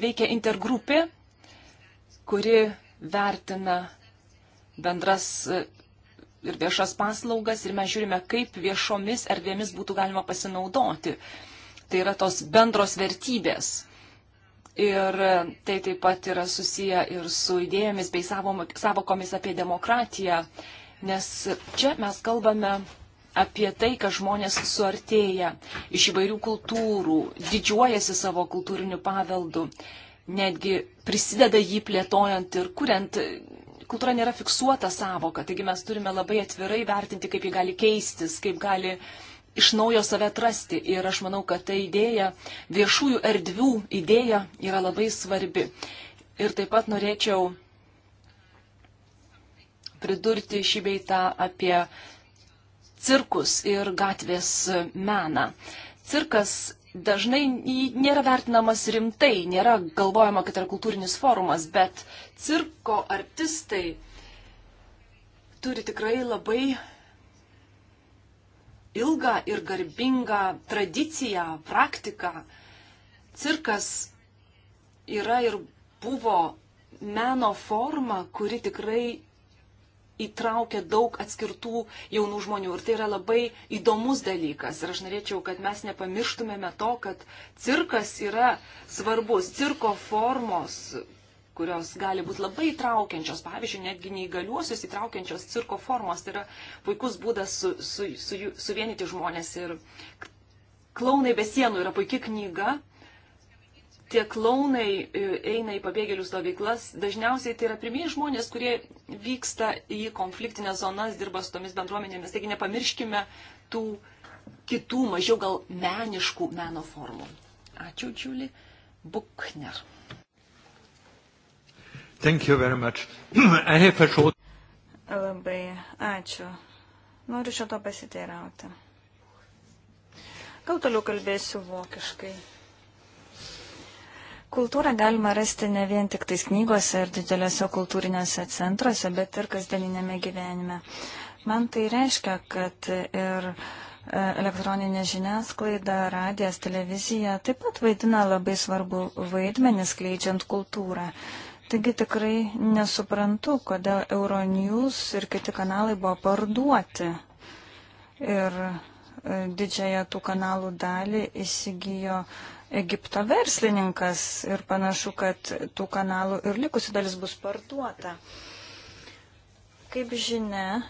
veikia intergrupė, kuri vertina bendras e, ir viešas paslaugas ir mes žiūrime, kaip viešomis erdvėmis būtų galima pasinaudoti. Tai yra tos bendros vertybės. Ir tai taip pat yra susiję ir su idėjomis bei savokomis apie demokratiją, nes čia mes kalbame apie tai, kad žmonės suartėja iš įvairių kultūrų, didžiuojasi savo kultūriniu paveldu, netgi prisideda jį plėtojant ir kuriant. Kultūra nėra fiksuota savoka, taigi mes turime labai atvirai vertinti, kaip ji gali keistis, kaip gali iš naujo save atrasti. Ir aš manau, kad ta idėja, viešųjų erdvių idėja yra labai svarbi. Ir taip pat norėčiau pridurti šį beitą apie cirkus ir gatvės meną. Cirkas dažnai nėra vertinamas rimtai, nėra galvojama, kad yra kultūrinis forumas, bet cirko artistai turi tikrai labai ilgą ir garbingą tradiciją, praktiką. Cirkas yra ir buvo meno forma, kuri tikrai įtraukia daug atskirtų jaunų žmonių. Ir tai yra labai įdomus dalykas. Ir aš norėčiau, kad mes nepamirštumėme to, kad cirkas yra svarbus. Cirko formos, kurios gali būti labai įtraukiančios, pavyzdžiui, netgi neįgaliuosius įtraukiančios cirko formos, tai yra puikus būdas su, su, su, suvienyti žmonės. Ir Klaunai be sienų yra puikia knyga, tie klaunai e, eina į pabėgėlių stovyklas, dažniausiai tai yra pirmieji žmonės, kurie vyksta į konfliktinės zonas, dirba su tomis bendruomenėmis. Taigi nepamirškime tų kitų, mažiau gal meniškų meno formų. Ačiū, Čiuli. Bukner. Thank you very much. I have a short... Labai ačiū. Noriu šio to pasiteirauti. Gal toliau kalbėsiu vokiškai. Kultūrą galima rasti ne vien tik tais knygose ir dideliuose kultūrinėse centruose, bet ir kasdieninėme gyvenime. Man tai reiškia, kad ir e, elektroninė žiniasklaida, radijas, televizija taip pat vaidina labai svarbu vaidmenį skleidžiant kultūrą. Taigi tikrai nesuprantu, kodėl Euronews ir kiti kanalai buvo parduoti. Ir e, didžiąją tų kanalų dalį įsigijo uh, Egipto verslininkas ir panašu, kad tų kanalų ir likusi dalis bus parduota. Kaip žinia,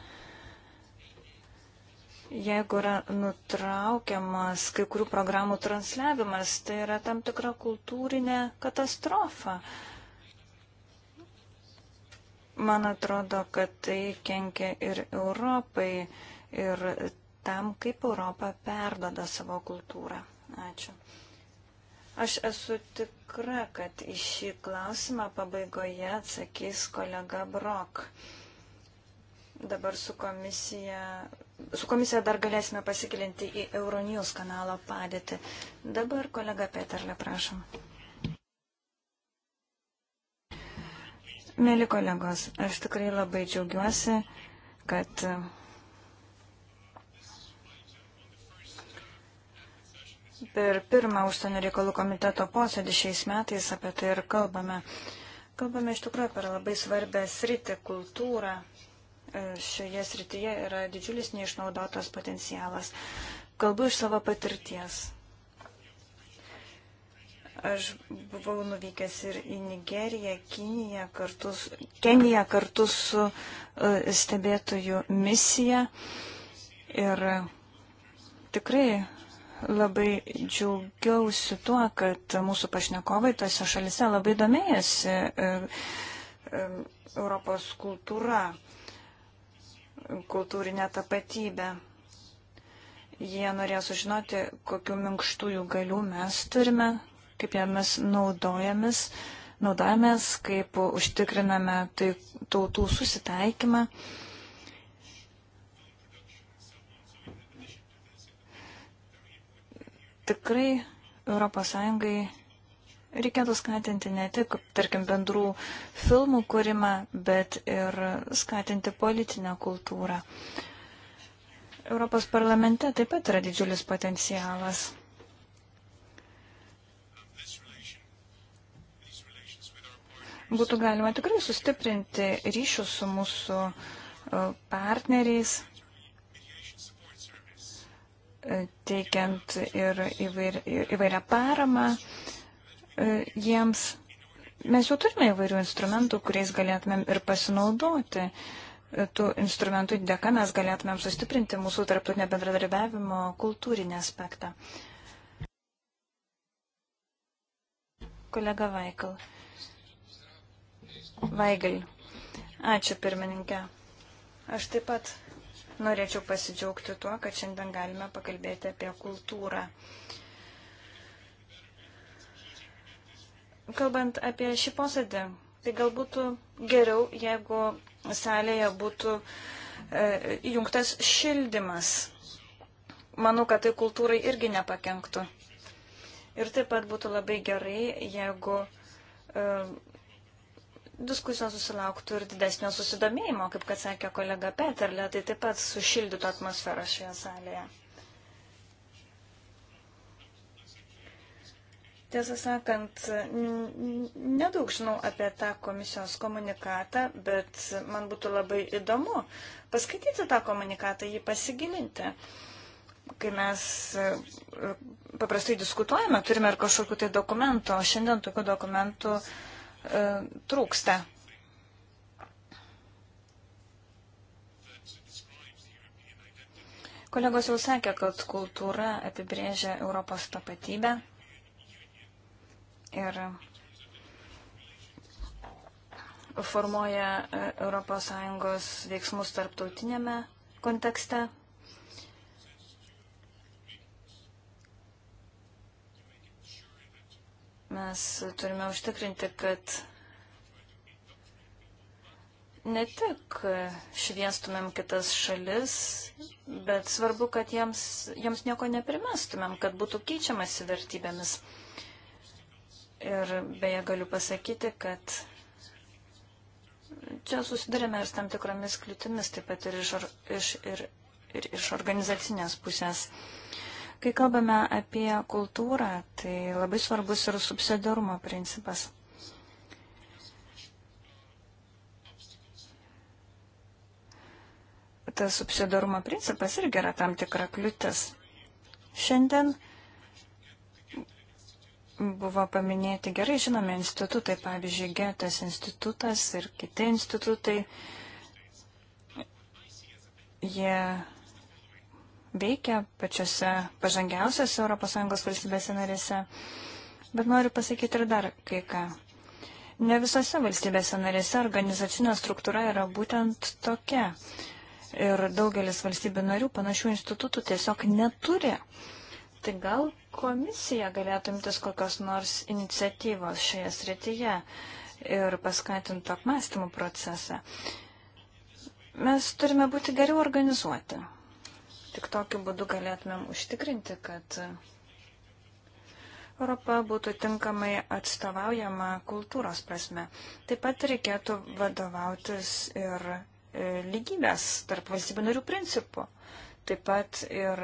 jeigu yra nutraukiamas kai kurių programų transliavimas, tai yra tam tikra kultūrinė katastrofa. Man atrodo, kad tai kenkia ir Europai, ir tam, kaip Europa perdoda savo kultūrą. Ačiū. Aš esu tikra, kad į šį klausimą pabaigoje atsakys kolega Brok. Dabar su komisija, su komisija dar galėsime pasigilinti į Euronews kanalo padėtį. Dabar kolega Peterle, prašom. Mėly kolegos, aš tikrai labai džiaugiuosi, kad Per pirmą užsienio reikalų komiteto posėdį šiais metais apie tai ir kalbame. Kalbame iš tikrųjų per labai svarbę sritį, kultūrą. E, šioje srityje yra didžiulis neišnaudotas potencialas. Kalbu iš savo patirties. Aš buvau nuvykęs ir į Nigeriją, Kiniją kartu, Keniją kartu su e, stebėtojų misija. Ir e, tikrai labai džiaugiausi tuo, kad mūsų pašnekovai tose šalise labai domėjasi e, e, Europos kultūra, kultūrinė tapatybė. Jie norėjo sužinoti, kokiu minkštųjų galių mes turime, kaip jomis naudojamis, naudojamės, kaip užtikriname tai tautų susitaikymą. Uh, Tikrai ES reikėtų skatinti ne tik, tarkim, bendrų filmų kūrimą, bet ir skatinti politinę kultūrą. Europos parlamente taip pat yra didžiulis potencialas. Būtų galima tikrai sustiprinti ryšius su mūsų e, partneriais, teikiant ir įvair, įvairią paramą e, jiems. Mes jau turime įvairių instrumentų, kuriais galėtumėm ir pasinaudoti. E, tų instrumentų dėka mes galėtumėm sustiprinti mūsų tarptautinio bendradarbiavimo kultūrinį aspektą. Kolega Vaikal. Vaigel. Ačiū pirmininkė. Aš taip pat Norėčiau pasidžiaugti tuo, kad šiandien galime pakalbėti apie kultūrą. Kalbant apie šį posėdį, tai galbūt geriau, jeigu salėje būtų e, įjungtas e, šildymas. Manau, kad tai kultūrai irgi nepakenktų. Ir taip pat būtų labai gerai, jeigu e, diskusijos susilauktų ir didesnio susidomėjimo, kaip kad sakė kolega Peterlė, tai taip pat sušildytų atmosferą šioje salėje. Tiesą sakant, nedaug žinau apie tą komisijos komunikatą, bet man būtų labai įdomu paskaityti tą komunikatą, jį pasigilinti. Kai mes e, paprastai diskutuojame, turime ir kažkokiu tai dokumentu, o šiandien tokių dokumentų uh, E, trūksta. Kolegos jau sakė, kad kultūra apibrėžia Europos tapatybę ir formuoja ES veiksmus tarptautinėme kontekste. Mes turime užtikrinti, kad ne tik šviestumėm kitas šalis, bet svarbu, kad jiems, jiems nieko neprimestumėm, kad būtų keičiamasi vertybėmis. Ir beje galiu pasakyti, kad čia susidurėme ir tam tikromis kliūtimis, taip pat ir iš, or, iš, ir, ir iš organizacinės pusės. Uh, Kai kalbame apie kultūrą, tai labai svarbus ir subsidarumo principas. Tas subsidarumo principas irgi yra tam tikra kliūtis. Šiandien buvo paminėti gerai žinomi institutai, pavyzdžiui, Getas institutas ir kiti institutai. Jie veikia pačiose pažangiausiose ES valstybėse narėse. Bet noriu pasakyti ir dar kai ką. Ne visose valstybėse narėse organizacinė struktūra yra būtent tokia. Ir daugelis valstybių narių panašių institutų tiesiog neturi. Tai gal komisija galėtų imtis kokios nors iniciatyvos šioje srityje ir paskatintų apmąstymų procesą. Mes turime būti geriau organizuoti. Tik tokiu būdu galėtumėm užtikrinti, kad Europa būtų tinkamai atstovaujama kultūros prasme. Taip pat reikėtų vadovautis ir e, lygybės tarp valstybių narių principų. Taip pat ir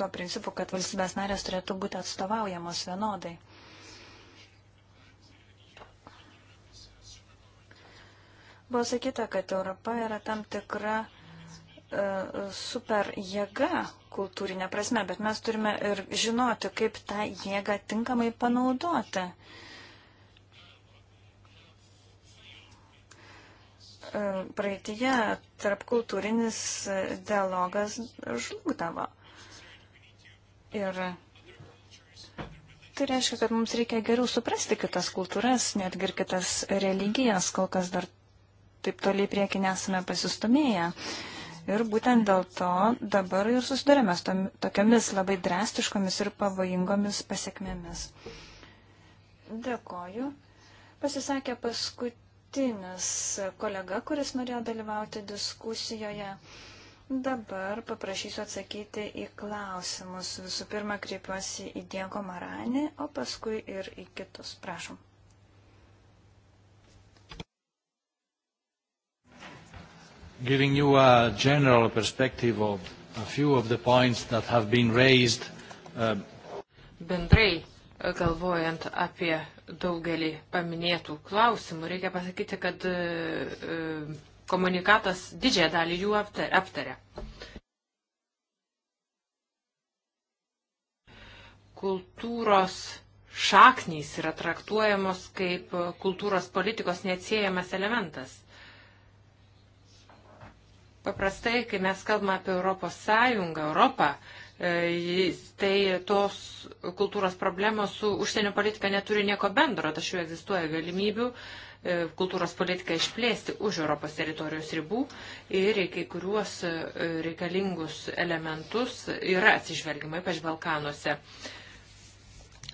tuo principu, kad valstybės narės turėtų būti atstovaujamos vienodai. Buvo sakyta, kad Europa yra tam tikra E, e, super jėga kultūrinė prasme, bet mes turime ir žinoti, kaip tą jėgą tinkamai panaudoti. E, praeitie tarp kultūrinis dialogas žlugdavo. Ir tai reiškia, kad mums reikia geriau suprasti kitas kultūras, netgi ir kitas religijas, kol kas dar taip toliai prieki nesame pasistumėję. Uh, Ir būtent dėl to dabar ir susidarėme su tokiamis labai drastiškomis ir pavojingomis pasiekmėmis. Dėkoju. Pasisakė paskutinis kolega, kuris norėjo dalyvauti diskusijoje. Dabar paprašysiu atsakyti į klausimus. Visų pirma, kreipiuosi į Diego Maranį, o paskui ir į kitus. Prašom. giving you a general perspective of a few of the points that have been raised. Um, Bendrai uh, galvojant apie daugelį paminėtų klausimų, reikia pasakyti, kad uh, um, komunikatas didžiąją dalį jų aptarė. Kultūros šaknys yra traktuojamos kaip kultūros politikos neatsiejamas elementas. Paprastai, kai mes kalbame apie Europos Sąjungą, Europą, e, tai tos kultūros problemos su užsienio politika neturi nieko bendro, tačiau egzistuoja galimybių e, kultūros politiką išplėsti už Europos teritorijos ribų ir į kai kuriuos e, reikalingus elementus yra atsižvelgima, ypač Balkanuose.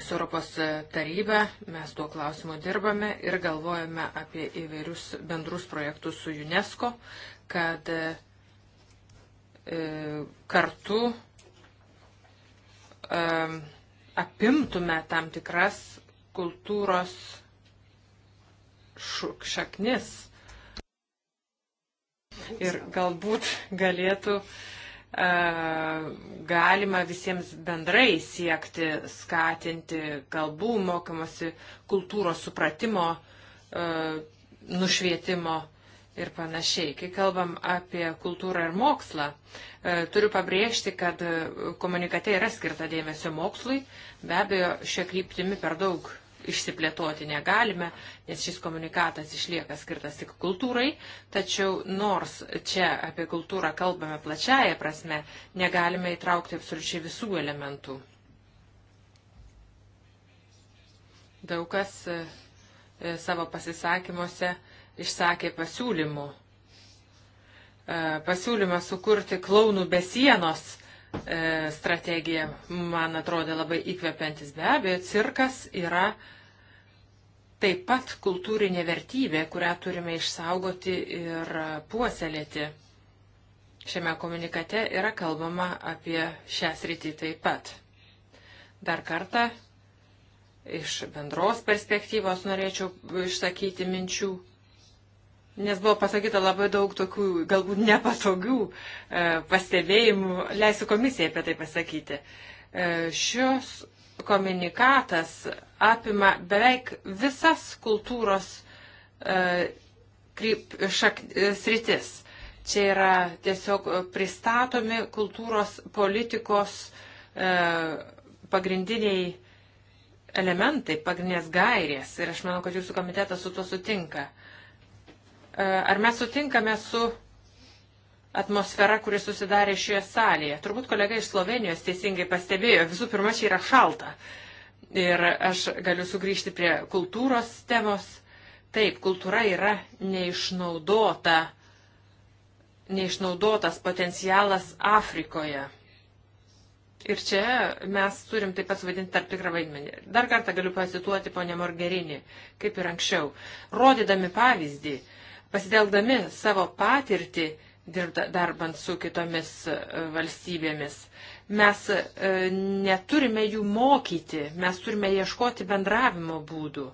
Su Europos taryba mes tuo klausimu dirbame ir galvojame apie įvairius bendrus projektus su UNESCO, kad e, e, kartu e, apimtume tam tikras kultūros šaknis. Ir galbūt galėtų galima visiems bendrai siekti skatinti kalbų mokymosi, kultūros supratimo, nušvietimo ir panašiai. Kai kalbam apie kultūrą ir mokslą, e, turiu pabrėžti, kad e, komunikate yra skirta dėmesio mokslui. Be abejo, šią kryptimį per daug išsiplėtoti negalime, nes šis komunikatas išlieka skirtas tik kultūrai, tačiau nors čia apie kultūrą kalbame plačiaja prasme, negalime įtraukti absoliučiai visų elementų. Daug kas e, savo pasisakymuose uh, išsakė pasiūlymų. E, Pasiūlymas sukurti klaunų be sienos e, strategija man atrodė labai įkvepiantis. Be abejo, cirkas yra taip pat kultūrinė vertybė, kurią turime išsaugoti ir puoselėti. Šiame komunikate yra kalbama apie šią sritį taip pat. Dar kartą iš bendros perspektyvos norėčiau išsakyti minčių nes buvo pasakyta labai daug tokių galbūt nepatogių e, pastebėjimų. Leisiu komisijai apie tai pasakyti. E, šios komunikatas apima beveik visas kultūros e, kryp, šak, e, sritis. Čia yra tiesiog pristatomi kultūros politikos e, pagrindiniai elementai, pagrindinės gairės. Ir aš manau, kad jūsų komitetas su tuo sutinka. E, E, ar mes sutinkame su atmosfera, kuris susidarė šioje salėje? Turbūt kolega iš Slovenijos teisingai pastebėjo, visų pirma, čia yra šalta. Ir aš galiu sugrįžti prie kultūros temos. Taip, kultūra yra neišnaudota, neišnaudotas potencialas Afrikoje. Ir čia mes turim taip pat vadinti tarp tikrą vaidmenį. Dar kartą galiu pasituoti ponę Morgerinį, kaip ir anksčiau. Rodydami pavyzdį, pasitelkdami savo patirtį darbant su kitomis e, valstybėmis. Mes e, neturime jų mokyti, mes turime ieškoti bendravimo būdų.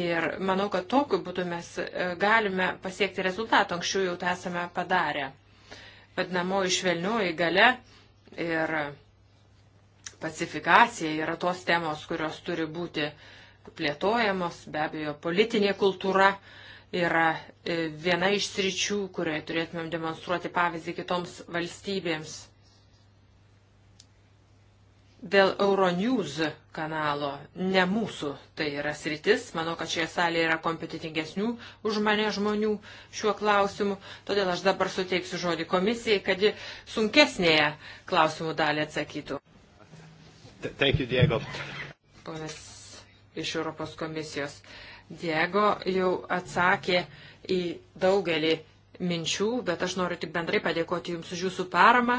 Ir manau, kad tokiu būdu mes e, galime pasiekti rezultatą, anksčiau jau tą esame padarę. Vadinamoji švelnioji gale ir pacifikacija yra tos temos, kurios turi būti plėtojamos, be abejo, politinė kultūra, uh, yra e, viena iš sričių, kurioje turėtumėm demonstruoti pavyzdį kitoms valstybėms. Dėl Euronews kanalo, ne mūsų tai yra sritis, manau, kad šioje salėje yra kompetitingesnių už mane žmonių šiuo klausimu, todėl aš dabar suteiksiu žodį komisijai, kad ji sunkesnėje klausimų dalį atsakytų. Thank you, Diego. Ponas iš Europos komisijos. Uh, Diego jau atsakė į daugelį minčių, bet aš noriu tik bendrai padėkoti Jums už Jūsų paramą.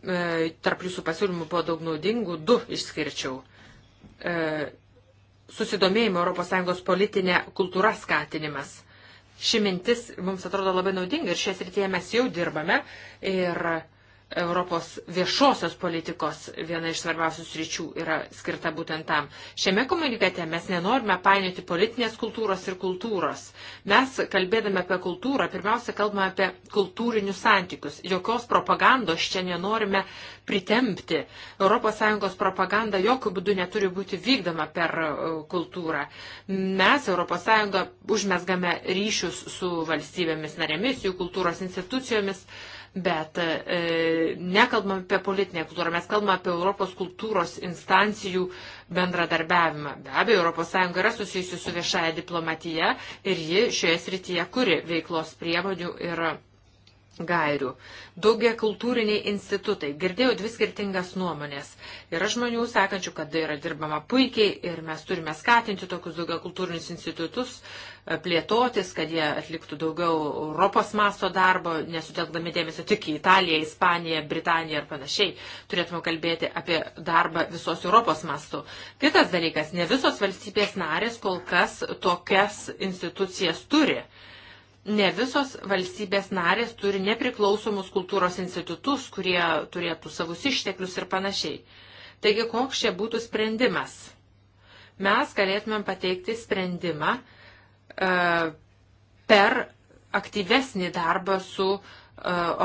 E, tarp Jūsų pasiūlymų buvo daug naudingų, du išskirčiau. E, susidomėjimo ES politinė kultūra skatinimas. Ši mintis mums atrodo labai naudinga ir šią srityje mes jau dirbame. Ir e, Europos viešosios politikos viena iš svarbiausių sričių yra skirta būtent tam. Šiame komunikate mes nenorime painioti politinės kultūros ir kultūros. Mes, kalbėdami apie kultūrą, pirmiausia, kalbame apie kultūrinius santykius. Jokios propagandos čia nenorime pritempti. ES propaganda jokių būdų neturi būti vykdoma per e, kultūrą. Mes, ES, užmesgame ryšius su valstybėmis narėmis, jų kultūros institucijomis bet e, nekalbam apie politinę kultūrą, mes kalbam apie Europos kultūros instancijų bendradarbiavimą. Be abejo, ES yra susijusi su viešaja diplomatija ir ji šioje srityje kuri veiklos priemonių ir. Yra gairių. Daugia kultūriniai institutai. Girdėjau dvi skirtingas nuomonės. Yra žmonių sakančių, kad tai yra dirbama puikiai ir mes turime skatinti tokius daugia kultūrinius institutus, e, plėtotis, kad jie atliktų daugiau Europos masto darbo, nesutelkdami dėmesio tik į Italiją, Ispaniją, Britaniją ir panašiai. Turėtume kalbėti apie darbą visos Europos mastu. Kitas dalykas, ne visos valstybės narės kol kas tokias institucijas turi. Uh, ne visos valstybės narės turi nepriklausomus kultūros institutus, kurie turėtų savus išteklius ir panašiai. Taigi, koks čia būtų sprendimas? Mes galėtumėm pateikti sprendimą e, per aktyvesnį darbą su e,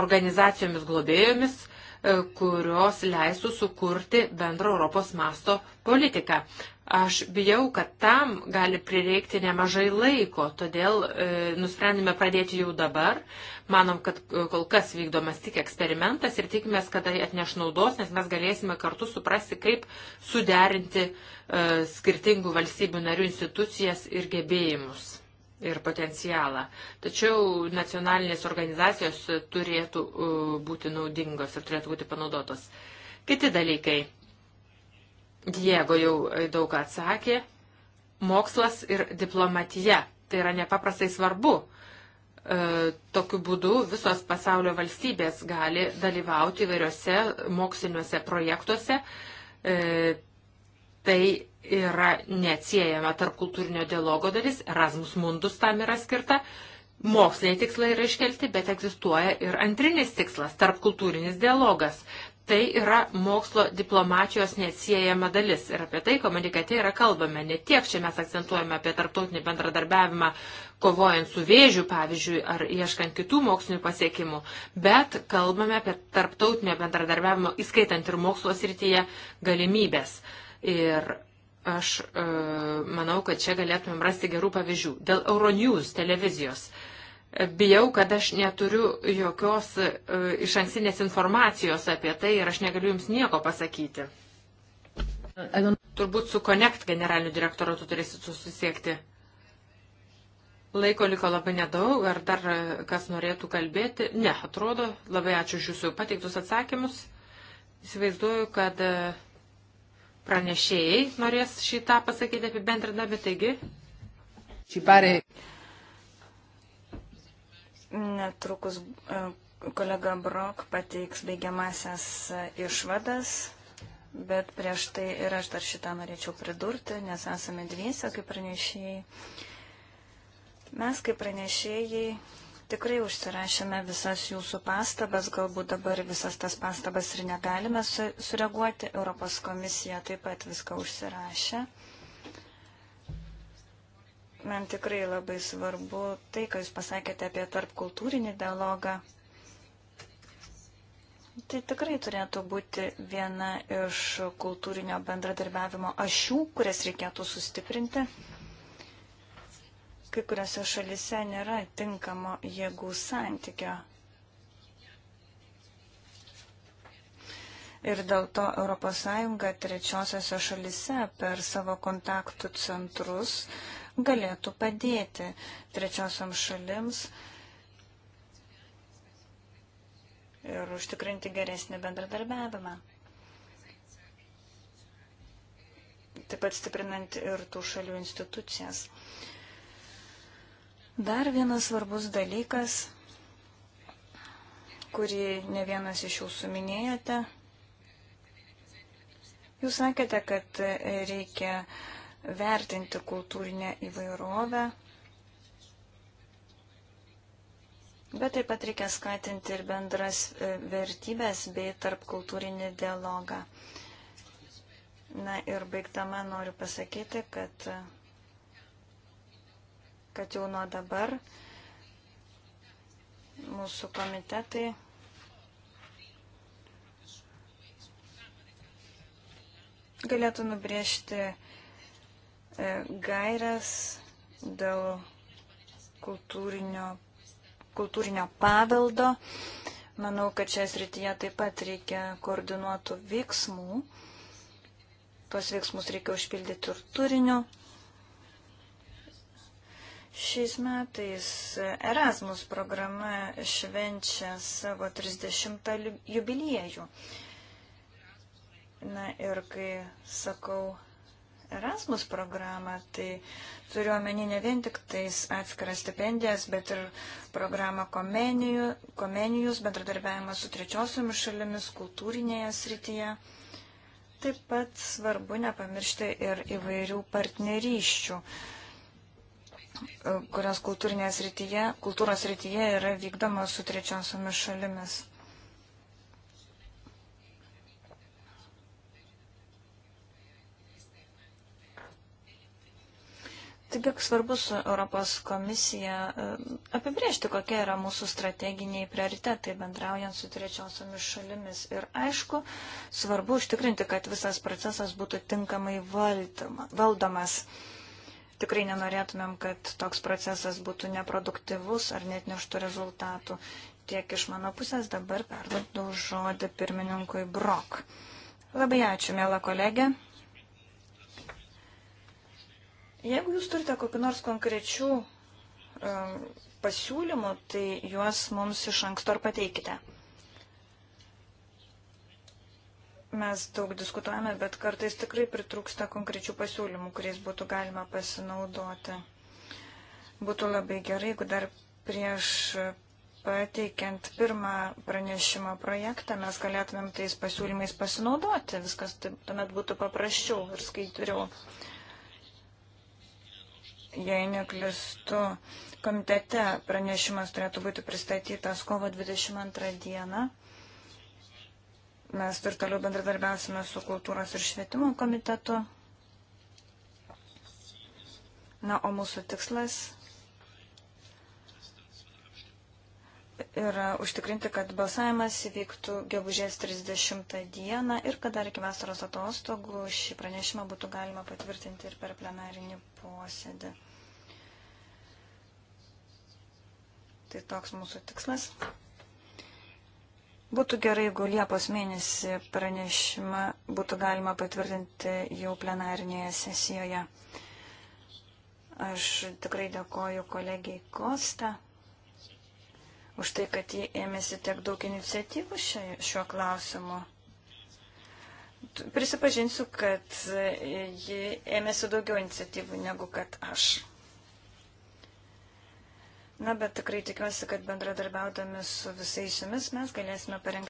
organizacijomis globėjomis, e, kurios leistų sukurti bendrą Europos masto politiką. Aš bijau, kad tam gali prireikti nemažai laiko, todėl e, nusprendėme pradėti jau dabar. Manom, kad e, kol kas vykdomas tik eksperimentas ir tikimės, kad tai atneš naudos, nes mes galėsime kartu suprasti, kaip suderinti e, skirtingų valstybių narių institucijas ir gebėjimus ir potencialą. Tačiau nacionalinės organizacijos turėtų e, būti naudingos ir turėtų būti panaudotos. Kiti dalykai Diego jau e, daug atsakė. Mokslas ir diplomatija. Tai yra nepaprastai svarbu. E, tokiu būdu visos pasaulio valstybės gali dalyvauti įvairiose moksliniuose projektuose. E, tai yra neatsiejama tarp kultūrinio dialogo dalis. Erasmus Mundus tam yra skirta. Moksliniai tikslai yra iškelti, bet egzistuoja ir antrinis tikslas - tarp kultūrinis dialogas. Tai yra mokslo diplomatijos neatsiejama dalis ir apie tai komunikate yra kalbame. Ne tiek čia mes akcentuojame apie tarptautinį bendradarbiavimą, kovojant su vėžiu, pavyzdžiui, ar ieškant kitų mokslinių pasiekimų, bet kalbame apie tarptautinio bendradarbiavimo, įskaitant ir mokslo srityje, galimybės. Ir aš e, manau, kad čia galėtumėm rasti gerų pavyzdžių. Dėl Euronews televizijos. E, Bijau, kad aš neturiu jokios e, iš ansinės informacijos apie tai ir aš negaliu Jums nieko pasakyti. Turbūt su Connect generaliniu direktoratu turėsit susisiekti. Laiko liko labai nedaug, ar dar e, kas norėtų kalbėti? Ne, atrodo, labai ačiū už jūsų pateiktus atsakymus. Įsivaizduoju, kad e, pranešėjai norės šitą pasakyti apibendrinami, taigi. Čiparė. Netrukus e, kolega Brok pateiks baigiamasias e, išvadas, bet prieš tai ir aš dar šitą norėčiau pridurti, nes esame dviese kaip pranešėjai. Mes kaip pranešėjai tikrai užsirašėme visas jūsų pastabas, galbūt dabar visas tas pastabas ir negalime sureaguoti. Europos komisija taip pat viską užsirašė. Man tikrai labai svarbu tai, ką Jūs pasakėte apie tarpkultūrinį dialogą. Tai tikrai turėtų būti viena iš kultūrinio bendradarbiavimo ašių, kurias reikėtų sustiprinti. Kai kuriuose šalise nėra tinkamo jėgų santykio. Ir dėl to ES trečiosiose šalise per savo kontaktų centrus uh, galėtų padėti trečiosiam šalims ir užtikrinti geresnį bendradarbiavimą. Taip pat stiprinant ir tų šalių institucijas. Dar vienas svarbus dalykas, kurį ne vienas iš jūsų minėjote, Jūs sakėte, kad reikia vertinti kultūrinę įvairovę, bet taip pat reikia skatinti ir bendras e, vertybės bei tarp kultūrinį dialogą. Na ir baigtama noriu pasakyti, kad, kad jau nuo dabar mūsų komitetai galėtų nubriežti E, gairias dėl kultūrinio, kultūrinio paveldo. Manau, kad čia srityje taip pat reikia koordinuotų veiksmų. Tuos veiksmus reikia užpildyti ir turiniu. Šiais metais Erasmus programa švenčia savo 30 jubiliejų. Na ir kai sakau Erasmus programą, tai turiu omeny ne vien tik tais atskiras stipendijas, bet ir programą komenijų, komenijus, bendradarbiavimą su trečiosiomis šalimis kultūrinėje srityje. Taip pat svarbu nepamiršti ir įvairių partneryščių kurios kultūrinės srityje, kultūros srityje yra vykdomos su trečiosiomis šalimis. Taigi svarbu su Europos komisija e, apibriežti, kokie yra mūsų strateginiai prioritetai bendraujant su trečiosiomis šalimis. Ir aišku, svarbu užtikrinti, kad visas procesas būtų tinkamai valdoma, valdomas tikrai nenorėtumėm, kad toks procesas būtų neproduktyvus ar net neštų rezultatų. Tiek iš mano pusės dabar perduodu žodį pirmininkui Brok. Labai ačiū, mėla kolegė. Jeigu jūs turite kokiu nors konkrečių um, e, pasiūlymų, tai juos mums iš anksto ar pateikite. Mes daug diskutuojame, bet kartais tikrai pritrūksta konkrečių pasiūlymų, kuriais būtų galima pasinaudoti. Būtų labai gerai, jeigu dar prieš pateikiant pirmą pranešimo projektą mes galėtumėm tais pasiūlymais pasinaudoti. Viskas taip, tuomet būtų paprasčiau ir skaidriau. Uh, jei neklistu, komitete pranešimas turėtų būti pristatytas kovo 22 dieną. Mes ir toliau bendradarbiausime su kultūros ir švietimo komitetu. Na, o mūsų tikslas yra užtikrinti, kad balsavimas įvyktų gegužės 30 dieną ir kad dar iki vasaros atostogų šį pranešimą būtų galima patvirtinti ir per plenarinį posėdį. Tai toks mūsų tikslas. Būtų gerai, jeigu Liepos mėnesį pranešimą būtų galima patvirtinti jau plenarinėje sesijoje. Aš tikrai dėkoju kolegijai Kosta už tai, kad jį ėmėsi tiek daug iniciatyvų šio, šiuo klausimu. Prisipažinsiu, kad e, ji ėmėsi daugiau iniciatyvų negu kad aš. Na, bet tikrai tikiuosi, kad bendradarbiaudami su visais jumis mes galėsime parengti.